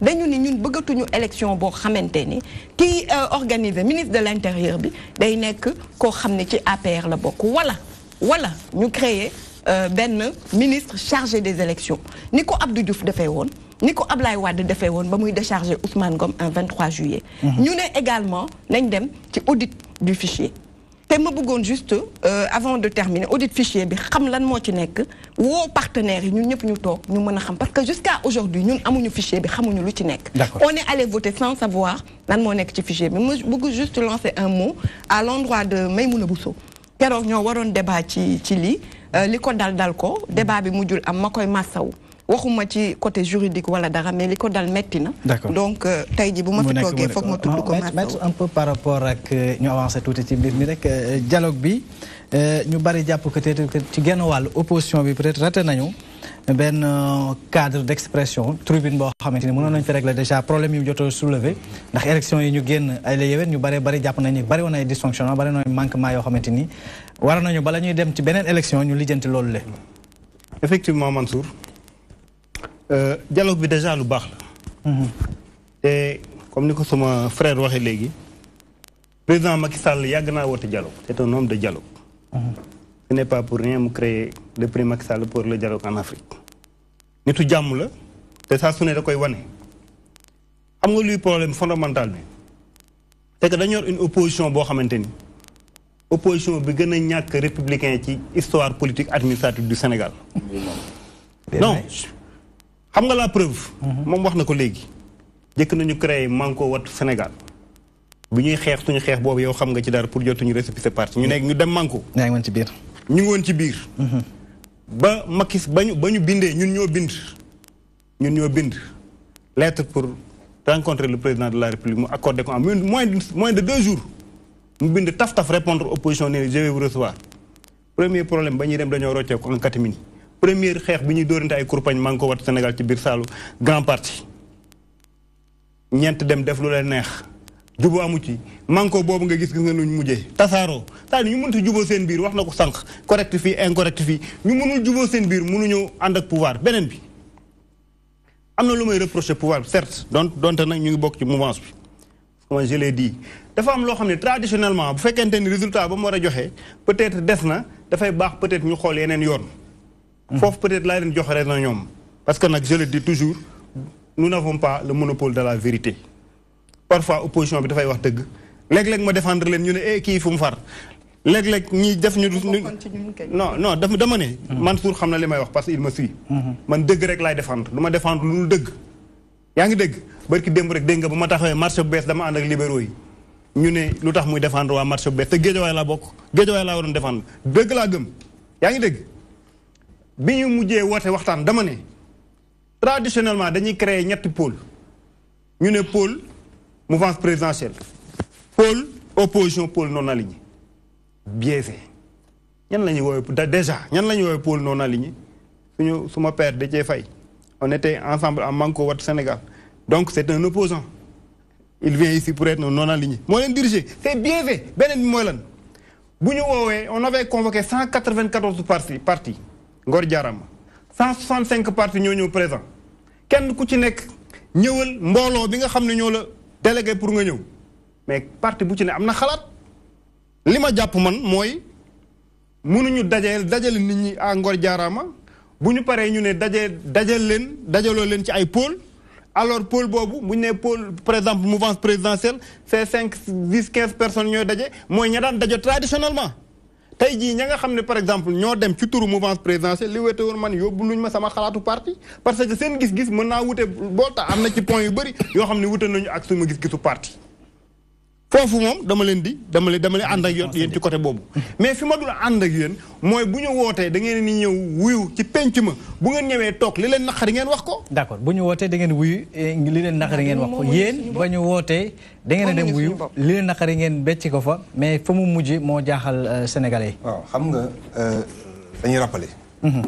dañu ni ñun bëggatuñu élection boo xamante ni euh, ministre de l'intérieur bi day nekk koo xam ne ci APR la bokk wala wala ñu créer euh, benn ministre chargé des élections ni Abdou Diouf defee woon ni ko Ablaye Wade defee woon ba muy décharger Ousmane Gom en 23 juillet. Mmh. ñu ne également nañ dem ci audit du fichier te ma bëggoon juste euh, avant de terminer audit fichier bi xam lan mo ci nekk wo partenaires yi ñun ñep ñu tok ñu mëna xam parce que jusqu'à aujourd'hui ñun amuñu fichier bi xamuñu lu ci nekk on est allé voter sans savoir lan mo nekk ci fichier bi ma juste lancer un mot à l'endroit de Maymouna Bousso kéro ñoo waron débat ci ci lii euh, li liko dal dal ko débat bi massaou am makoy massaw waxuma ci côté juridique wala dara mais liko dal metti na. donc euh, tey ji bu ma fi toogee foog ma tudd ko. mettre un peu par rapport ak euh, ñu avancer tuuti ci mbir mi rek euh, dialogue bi ñu bari jàpp que ci genn wàll opposition bi peut-être raté nañu ben cadre d'expression tribune bo xamanteni ni mënoon fi régler déjà problème yu jot soulever ndax élection yi ñu génn ay la yéwén ñu bari bari jàpp nañu bari won ay dysfonctionnement bari woon ay manquement yo xamanteni war nañu bala ñuy dem ci benen élection ñu lijjanti loolu le effectivement Mansour. Euh, dialogue est déjà lu baax la. Mhm. comme ni ko sama frère waxee président Macky Sall yàgg un dialogue c'est un homme de dialogue. Mhm. ce n'est pas pour rien mu créer le prix Macky pour le dialogue en Afrique. nitu jàmm la te saa su ne da koy wane. xam nga luy problème fondamental bi c'est que dañoo une opposition boo xamante ni opposition bi gën a républicain ci histoire politique administrative du Sénégal. non. xam nga laa preuve. moom wax na ko léegi. jëkk nañu créer Manko Wattu Sénégal bu ñuy xeex ñu xeex boobu yow xam nga ci dara pour jotuñu récépissé parti ñu nekk ñu dem Manko. yaa ngi woon ci biir. ñu ngi woon ci biir. Mhm. ba Macky ba ñu ba bindee ñun ñoo bind. ñun ñoo bind lettre pour rencontrer le président de la république mu accordé ko en moins de moins de deux jours mu bind taf taf répondre opposition ne je vais vous recevoir premier problème ba ñuy dem dañoo roccee ko en catimini. première xeex bi ñuy dóorante ay kurpañ maa ngi ko wat Sénégal ci biir Saalum grand parti ñeent dem def lu leen neex juboo amu ci manko boobu nga gis gis nga nuñ mujjee tasaaroo saa ñu mënut juboo seen biir wax na ko sànq correct fii incorrect fii ñu mënul juboo seen biir mënuñoo ànd ak pouvoir beneen bi am na lu may reproché pouvoir certes donc donte nag ñu ngi bokk ci mouvance bi comme je di dafa am loo xam ne traditionnellement bu fekkente ni résultat ba mu war a joxe peut-être des na dafay baax peut-être ñu xool yeneen yoon foofu peut-être laa leen jox raison ñoom parce que nag je le dis toujours nous n'avons pas le monopole de la vérité parfois opposition bi dafay wax dëgg léeg-léeg ma défendre leen ñu ne eh kii fu mu far léeg-léeg ñi def ñu. non non daf dama ne. Mm-hmm. Mansour xam na li may wax parce que il me suit. Mm-hmm. man dëgg rek laay défendre lu ma défendre lu dëgg. yaa ngi dégg barki démb rek dégg nga ba ma taxawee marché bu bees dama ànd ak libéraux yi ñu ne lu tax muy défendre waa marché bu bees te géejawaay laa bokk géejawaay laa waroon défendre dëgg laa gëm yaa ngi dégg bi ñu mujjee woote waxtaan dama ne traditionnellement dañuy créer ñetti pôle ñu ne pôle mouvance présidentielle pôle opposition pôle non aligné biaisé ñan la ñuy woowee déjà ñan la ñuy pôle non aligné suñu suma père da cee fay on était ensemble en Manko wat Sénégal donc c'est un opposant il vient ici pour être non aligné moo leen dirigé c'est bien beneen bi mooy lan bu ñu on avait convoqué 194 partis partis ngor cent jaarama cinq partis ñoo ñëw présent kenn ku ci nekk ñëwal mbooloo bi nga xam ne ñoo la délégué pour nga ñëw mais parti bu ci ne am na xalaat li ma jàpp man mooy munuñu dajeel dajale nit ñi à ngor jaaraama bu ñu paree ñu ne daje dajal leen dajaloo leen ci ay pôle alors pool boobu bu ñu nee pôle par exemple mouvance présidentielle c'est cinq dix quinze personnes ñooy daje mooy ña daan daje traditionnellement tey jii ña nga xam ne par exemple ñoo dem ci turu mouvance présidentielle li wéete woon man yóbbu luñ ma sama xalaatu parti parce que seen gis-gis mën naa wute boolta am na ci point yu bëri yoo xam ne wute nañu ak suma gis-gisu parti foofu moom dama leen di dama leen ànd ak yéen ci côté boobu mais fi ma dul ànd ak yéen mooy bu ñu wootee da ngeen ni ñëw wuyu ci penc ma bu ngeen ñëwee toog li leen naqari ngeen wax ko d'accord bu ñu wootee da ngeen wuyu eh, li leen naqari ngeen wax ko yéen ba ñu wootee da ngeen a dem wuyu li leen naqari ngeen becc ko fa mais fa mu mujj moo jaaxal euh, sénégalais xam nga euh, dañuy rappelé mhm.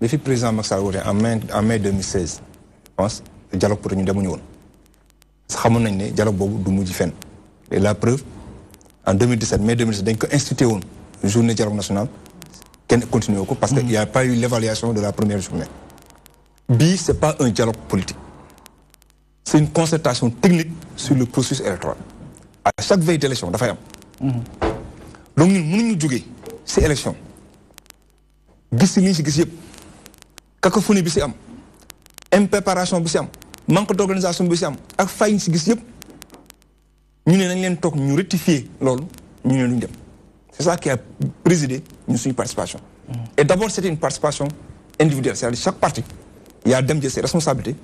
bi fi président Macky Sall woote en mai en mai 2016 je pense dialogue pour ñu demuñu woon xamoon nañ ne dialogue boobu du mujj fen et la preuve en 2017 mai 2017 dañ institué une journée dialogue national qui continue au parce qu'il mhm. n'y a pas eu l'évaluation de la première journée. ce c'est pas un dialogue politique. c'est une concertation technique sur le processus électoral. à chaque veille d'élection dafay am. Mhm. donc nous, nous, jógee ces élection gis li bi si am impréparation manque d'organisation bi si am si ñu ne nañ leen toog ñu rectifier loolu ñu ne luñ dem c'est ça qui a présidé ñu suñu participation mm. et d'abord c'était une participation individuelle c'est-à-dire chaque parti a dem jël ses responsabilités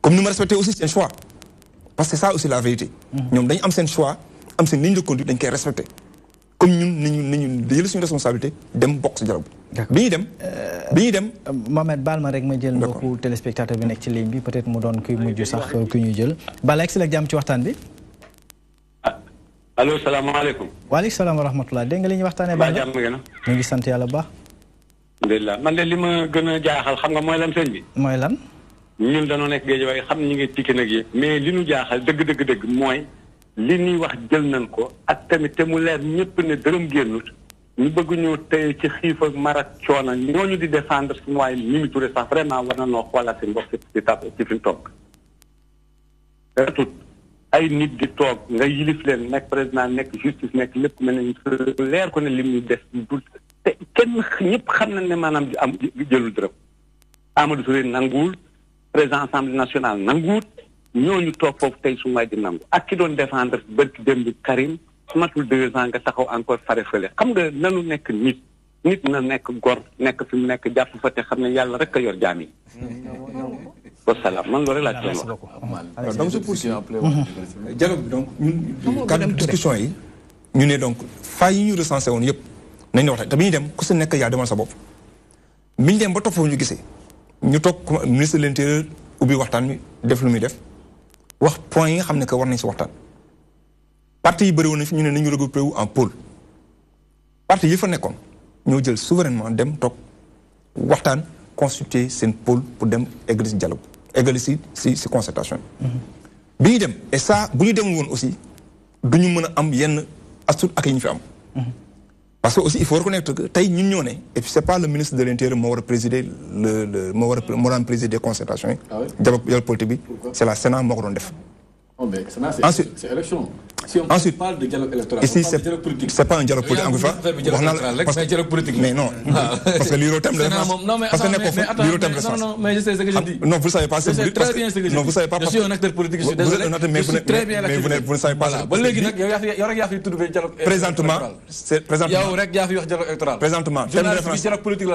comme nous respectons respecté aussi seen choix parce que c'est ça aussi la vérité mm. ñoom dañu am seen choix am seen ligne de conduite dañ koy respecté comme nous, nañu nañu jël suñu responsabilité dem bokk si dialogue bi dem bi euh, dem euh, Mohamed Bal, ma rek ma jël mbokku téléspectateur bi nek ci ligne bi peut-être mu doon kuy mujj sax ku ñu jël bala egsi la jàmm ci waxtan bi allo salaamaaleykum. waaleykum salaam wa rahmatulah dégg nga li ñuy waxtaanee. baax na ñu ngi sant yàlla bu baax. alhamdulilah man de li ma gën a jaaxal xam nga mooy lan sëñ bi. mooy lan. ñun dañoo nekk géej waaye xam ñu ngi tikki nag mais li ñu jaaxal dëgg dëgg dëgg mooy li ñuy wax jël nañ ko ak tamit te mu leer ñëpp ne dërëm génnut ñu bëgg ñoo tey ci xiif ak mar ak ñu ñooñu di défendre suñu waaye Mimi Touré sax vraiment war na noo xoolaat si mbokk si si fi mu toog. ay nit di toog nga yilif leen nekk président nekk justice nekk lépp mel nañ leer ko ne lim ñu def du te kenn ñëpp xam nañ ne maanaam am jëlul dërëm Amadou Touré nanguwul président assemblée nationale nanguwut ñooñu toog foofu tey su may di nangu ak ki doon défendre bërki démb Karim su matul deux ans nga taxaw encore fare fële xam nga nanu nekk nit nit na nekk gor nekk fi mu nekk jàpp fa te xam ne yàlla rek a yor jaam wasalaam man loolu rek laa ci wax. donc je poursuis. dialogue bi donc ñun. cadre discussion yi. ñu ne donc failles yi ñu recensé woon yëpp nañ la waxtaan te bi ñu dem ku si nekk yaa demal sa bopp. bi ñu dem ba topp foofu ñu gisee ñu toog ministre de l'intérieur ubbi waxtaan bi def lu muy def wax point yi nga xam ne que war nañ si waxtaan. parti yi bëri woon fi ñu ne nañu regroupé wu en pôle. parti yi fa nekkoon ñoo jël souverainement dem toog waxtaan constituer seen pôle pour dem egg si eggali si si si concertation bi dem et ça bien dem on aussi du ñu mën a am yenn assur ak ñu fi am. parce que aussi il faut reconnaître que tey ñun et puis pas le ministre de l'Intérieur, intérieur moo présider le le moo war a moo daan présider concertation yi. Ah politique bi c' la Sénat moo ko doon def. C'est ben, si on parle de dialogue électoral, c'est pas un dialogue politique. C'est un dialogue politique. Mais non, (laughs) ah. parce que le Non, non, mais je sais ce que je dis. Non, vous savez pas, c'est très bien ce je vous savez suis un acteur politique, vous, très bien mais vous, ne savez pas. Présentement, présentement. Présentement, thème politique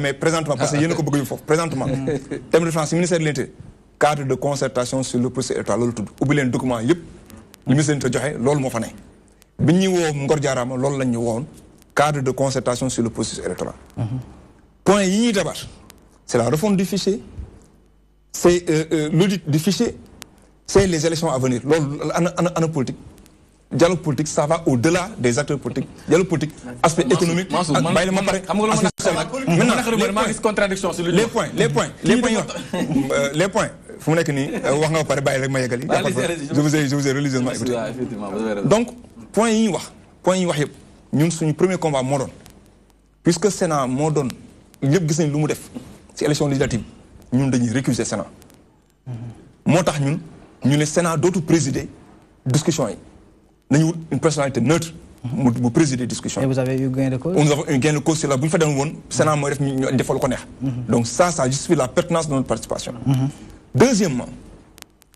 mais présentement, parce que Présentement, (laughs) thème de France, ministère de l'unité cadre de concertation sur le processus électoral loolu tudd ubbi leen document yëpp te joxe lolou mo fa ne bi wo Ngor lañ cadre de concertation sur le processus électoral point yi c'est la refonte du fichier c'est l'audit du fichier c'est les élections à venir Le politique dialogue politique ça va au-delà des acteurs politiques dialogue politique aspect économique bàyyi ma aspect social les points les points les points les points euh, wax nga ma je vous ai religieusement écouté. donc point yi wax point yi nous wax le ñun suñu premier combat moo puisque Sénat moo doon il gis nañ lu mu def ci élection législative ñun dañuy récuser Sénat. Mm-hmm. motax ñun ñu né Sénat dootu présider discussion yi nañu une personnalité neutre. Mm-hmm. mu mu présider discussion. et vous avez eu gain de cause. nous avons eu gain de cause sur la bu ñu fa demee Sénat mm-hmm. mo def ñu ko neex. donc ça ça justifie la pertinence de notre participation deuxièmement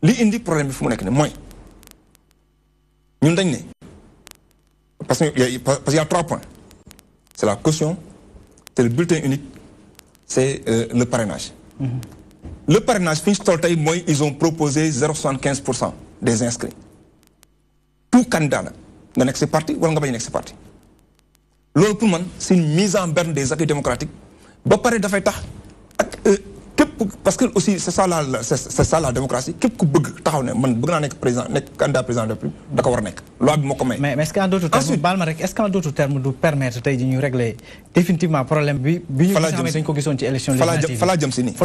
li indi problème bi fu mu nekk parce y' a y' a trois points C'est la caution c'est le bulletin unique c'est euh, le parrainage. Mm-hmm. le parrainage fin ñu ils ont proposé 0,75% des inscrits tout candidat dans nga parti wala nga bañ parti L'autre pour une mise en berne des actes démocratiques ba parce que aussi c'est ça la c'est ça la démocratie qui peut man na nek président candidat président de la war loi bi may mais est-ce qu'en d'autres rek d'autres termes permettre ñu régler définitivement problème bi bi ñu ci élection législative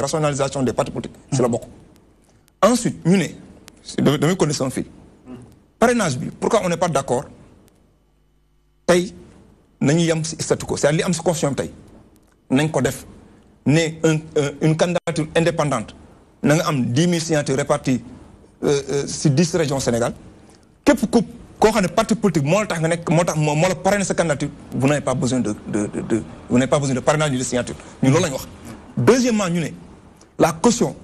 rationalisation des partis politiques C'est la bokk ensuite ñu ne connaissance parrainage bi pourquoi on n'est pas d'accord tay nañu yam ci statu cest li am n'est ko def ne un euh, une candidature indépendante na nga am 000 signatures réparties euh, euh, si dix régions Sénégal képp ku koo xam ne parti politique moo la tax nga nekk moo tax moo la parrainé sa candidature vous n'avez pas besoin de de de vous n'avez pas besoin de parrainage de signature loolu deuxièmement ñu la caution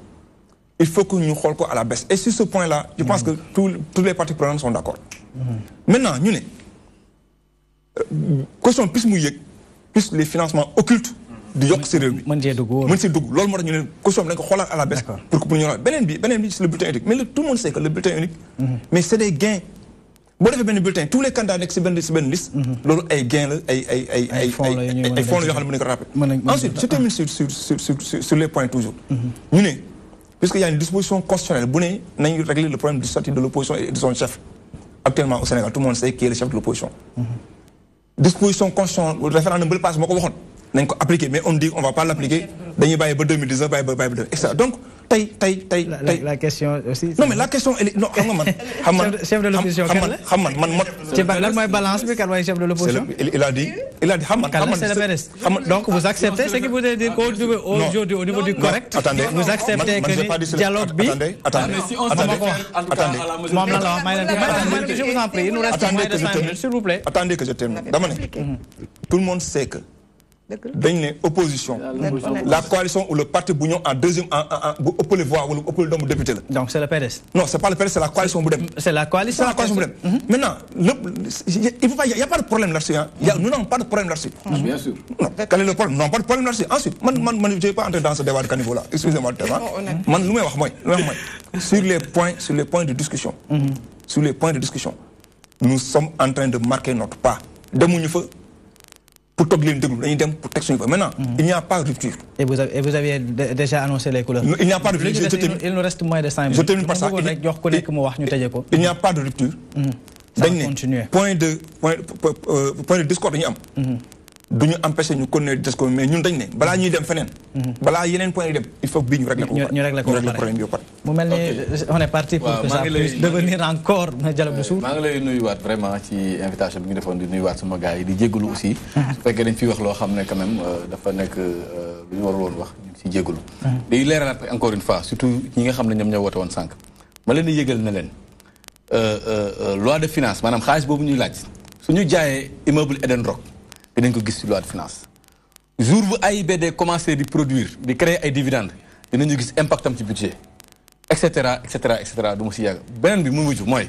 il faut que nous xool ko à la baisse et sur ce point là. je pense que mm-hmm. tous tous les partis prenants sont d'accord. Mm-hmm. maintenant ñu ne caution plus mu plus les financements occultes du yok si rew mi mën cee dugg mën si dugg loolu tax ñu leen caution bi nañ ko xoolaat à la baisse pour que pour ñu benen bi benen bi c'est le bulletin unique mais tout le monde sait que le bulletin unique mhm. mais c'est des gains boo defee le bulletin tous les candidats nekk si benn si benn liste mhm. loolu ay gains la ay ay ay ay ay fonds la yoo xam ne ko ensuite je termine sur sur sur sur les points toujours mhm. ñu ne puisque y a une disposition constitutionnelle bu né nañu régler le problème du statut de l'opposition et de son chef actuellement au Sénégal tout le monde sait qui est le chef de l'opposition disposition constitutionnelle référendum bu le passe moo ko nañ ko appliquer mais on dit on va pas l'appliquer dañuy bàyyi ba 2019 bàyyi ba bàyyi ba etc donc tay tay tay la question aussi. non mais la question elle est non xam nga man. xam man chef de l'opposition kan la xam man man man. ci lan mooy balance bi kan mooy chef de l'opposition. il a dit il a dit xam man. kan la c'est le donc vous acceptez ce qui vous est dit aujourd'hui au niveau du correct. attendez vous acceptez que dialogue bi. attendez attendez ah, attendez moom la la wax may leen je vous en prie nous restons moins de cinq minutes s'il vous plaît. attendez que je termine dama tout le monde sait que dañ ne opposition la coalition ou le parti en en deuxième au ëppale voix ou bu ëppale doomu député donc c'est le PDS non c'est pas le PDS c'est la coalition Boudem. c'est la coalition c'est la coalition mm-hmm. maintenant il faut pas y a pas de problème là-dessus hein mm-hmm. nous n'avons pas de problème là-dessus mm-hmm. bien sûr quel est le problème nous n'avons pas de problème là-dessus ensuite man man je vais pas entrer dans ce débat de caniveau là excusez-moi le hein. man sur les points sur les points de discussion sur les points de discussion nous sommes en train de marquer notre pas mon pour tout leen déglu dañuy dem pour teg suñu fa maintenant. Mm-hmm. il n'y a pas de rupture. et vous avez et vous aviez déjà annoncé les couleurs. il n'y a pas de rupture il nous reste moins de 5 minutes. je termine par ça il n'y a pas de rupture. Mm-hmm. dañ ne point de point euh, point de discorde dañu am. Mm-hmm. du ñu empêché ñu continuer discours mais ñun dañ ne balaa ñuy dem feneen. Mhm. balaa yeneen point yi dem il faut bii ñu régler ko. ko problème pare. mu mel ni maa ngi lay nuyuwaat vraiment ci invitation bi ñu defoon di nuyuwaat sama gars yi di jégalu aussi. (laughs) su fekkee dañ fi wax loo xam ne quand même euh, dafa nekk euh, lu ñu warul woon wax ñu ngi ciy jégalu. Mhm. day leeralaat encore une fois surtout ñi nga xam ne ñoom ñoo woote woon sànq. ma leen di yëgal na leen euh, loi de finance maanaam xaalis boobu ñuy laaj su ñu jaayee immeuble Eden dinañ ko gis ci loi de finance jour bu AIBD commencé di produire di créer ay dividendes dinañu gis impactam ci budget et cetera et cetera et cetera du ma si yàgg beneen bi mu mujj mooy.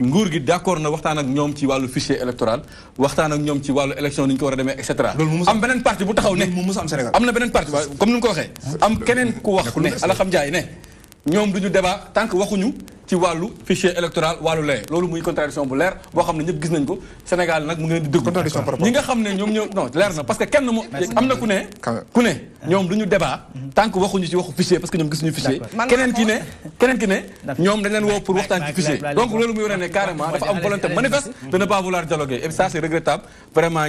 nguur gi d' accord na waxtaan ak ñoom ci wàllu fichier électoral waxtaan ak ñoom ci wàllu élection ni ñu ko war a demee et cetera. am beneen parti bu taxaw ne am na beneen parti comme ni mu ko waxee. am keneen ku wax ne Alaxam Njaay ne ñoom du ñu débat tant waxuñu. ci wàllu fichier électoral wàllu layee loolu muy contradiction bu leer boo xam ne ñëpp gis nañ ko Sénégal nag mu ngi leen di déglu ñi nga xam ne ñoom ñoo leer na parce que kenn moo am na ku ne ku ne ñoom du ñu débat tant waxuñu ci waxu fichier parce que ñoom gisuñu fichier keneen keneen ki ne ñoom dañ leen woo pour waxtaan ci fichier donc loolu muy wane ne carrément dafa am volonté manifeste de ne pas dialoguer et ça c'est regrettable vraiment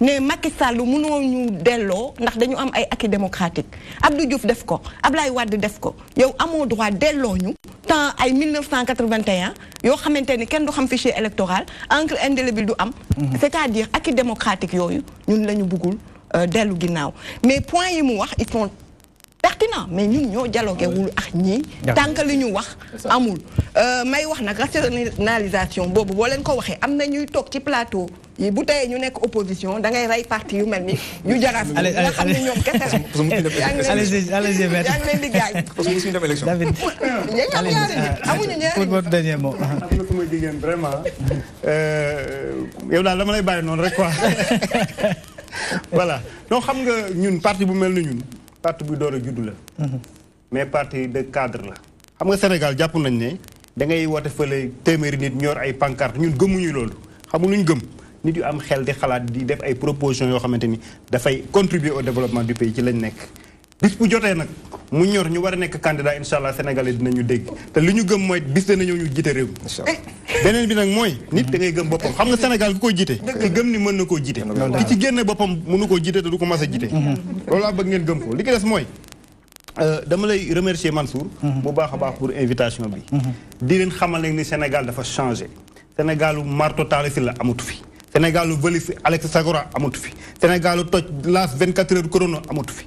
ne Macky Sall mënoo ñu delloo ndax dañu am ay acquis démocratique Abdou Diouf def ko Ablaye Wade def ko yow amo droit delloo ñu temps ay 1981 yo xamanteni ni kenn du xam fichier électoral encre indélébile du am. Mhm. c'est-à-dire acquis démocratique yoyu ñun lañu bëggul buggul euh, dellu ginnaaw mais point yi mu wax ils sont pertinent mais ñun ñoo dialogué wul ak ñii tant que li ñu wax amul euh, may wax nag rationalisation boobu boo leen ko waxee am na ñuy toog ci plateau yi bu teyee ñu nekk opposition da ngay rey parti yu mel ni ñu jaraas bi nga xam ne ñoom kese la yaa ngi leen di gaañ yéen am ñaari nit amuñu ma jigéen vraiment euh, yow daal dama lay bàyyi noonu rek quoi (laughs) voilà donc xam nga ñun parti bu mel na ñun parti buy door juddu la. Mhm. mais parti de cadre la. xam nga Sénégal jàpp nañ ne da ngay woote fële téeméeri nit ñor ay pancarte ñun gëmuñu loolu xam nga lu ñu gëm nit yu am xel di xalaat di def ay propositions yoo xamante ni dafay contribuer au développement du pays ci lañ nekk. bis bu jotee nag mu ñor ñu war a nekk candidat incha allah sénégalais ñu dégg te li ñu gëm mooy bis danañoo ñu jiite réew mi eh, beneen bi nag mooy nit dangay ngay gëm boppam xam nga sénégal ku ko jiite ki gëm ni mën na koo jiite ki ci génne boppam mënu koo jiite te du ko mas a jiite mm-hmm. loolu laa bëgg ngeen gëm mooy euh, dama lay remercier Mansour mm-hmm. bu baax a baax pour invitation bi mm-hmm. di leen xamal ne ni sénégal dafa changé sénégalu Marto Talla Sylla amatu fi sénégalu Valis Alex Sagora amatu fi sénégalu toj las 24 heures chrono amatu fi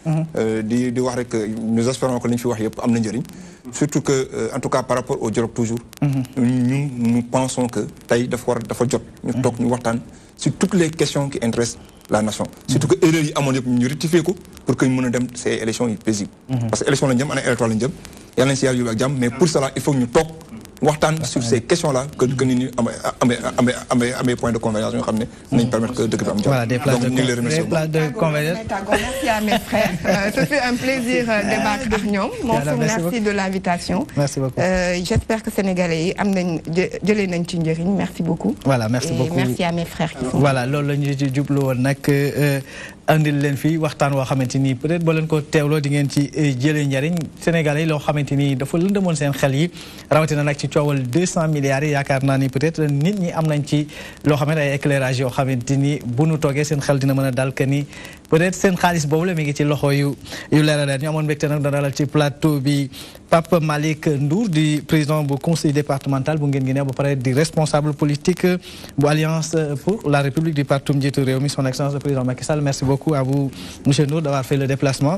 Euh, di voir que nous espérons que les gens fi wax surtout que euh, en tout cas par rapport au dialogue toujours. nous pensons que il dafa faire dafa jot. sur toutes les questions qui intéressent la nation. surtout que erreur yi amoon nous pour que nous mën ces élections paisibles. paisible. Mhm. parce que l'élection est une élection électorale y a mais pour cela il faut nous toog waxtaan sur ces questions là que que nit ñi amee amee amee amee point de convergence yoo xamné mmh. nañ permettre que dëkk bi am donc des places de convergence. merci à mes frères. (laughs) Euh, ce fait un plaisir euh, débattre avec ñoom. Mansour merci de l'invitation. merci beaucoup euh, j'espère que sénégalais yi am nañ nañ ci njëriñ merci beaucoup. voilà merci beaucoup merci à mes frères. voilà lolu la ñuy won nak euh andil leen fii waxtaan woo xamante ni peut-être boo leen ko teewloo di ngeen ci eh, jële njariñ sénégal yi loo xamante ni dafa lëndëmoon seen xel yi rawatina nag ci coowal deux cent milliards yi yaakaar naa ni peut-être nit ñi am nañ ci loo xamante ay éclairage yoo xamante ni bu nu toogee seen xel dina mën a dal que ni peut-être seen xaalis boobu la mi ngi ci loxo yu yu leeraleen ñu amoon nak nag la ci plateau bi Pape Malick Ndour du président du conseil départemental bu Guinguinéo ba paré di responsable politique bu alliance pour la république du partum njiitu réew mi son excellence le président Macky Sall merci beaucoup à vous monsieur Ndour d'avoir fait le déplacement.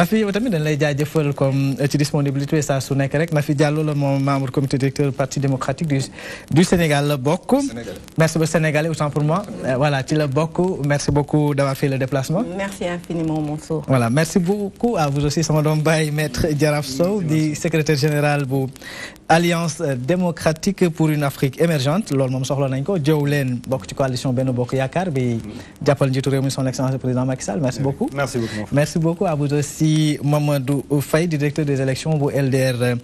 Nafi yow tamit dañ lay jaajëfal comme euh, ci disponibilité sa su nek rek Nafi Diallo la moom membre comité directeur parti démocratique du du Sénégal la merci beaucoup Sénégalais autant pour moi euh, voilà ci la bokk merci beaucoup d'avoir fait le déplacement. Merci infiniment, Monsour. Voilà, merci beaucoup à vous aussi, Samadon maître Diarapso, du secrétaire général alliance démocratique pour une Afrique émergente loolu moom soxla nañ ko jëw leen bokk ci coalition benn bokk yaakaar bi jàppal njiitu réew mi son président Macky Sall merci beaucoup merci beaucoup merci beaucoup à vous aussi Mamadou Faye directeur des élections bu LDR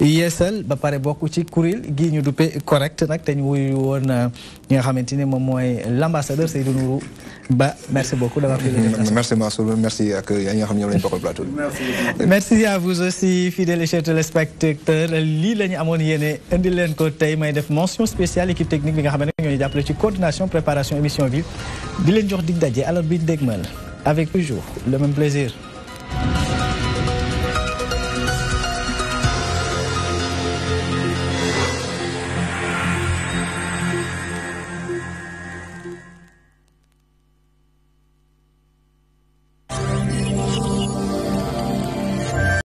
Yeesal ba pare bokk ci kuréel gi ñu duppe correct nag te ñu wuyu woon euh, ñi nga xamante ni moom mooy l'ambassadeur Seydou Nourou Ba merci beaucoup d'avoir pris le déplacement merci Mansour merci ak yaa ñi nga xam ñoom lañ bokkal plateau merci à vous aussi fidèles chers téléspectateurs la amone yene yéene len ko tay may def mention spéciale équipe technique bi nga xam ne ñooy ci coordination préparation émission bi di len jox dig dajé alors bi dégmal avec toujours le même plaisir.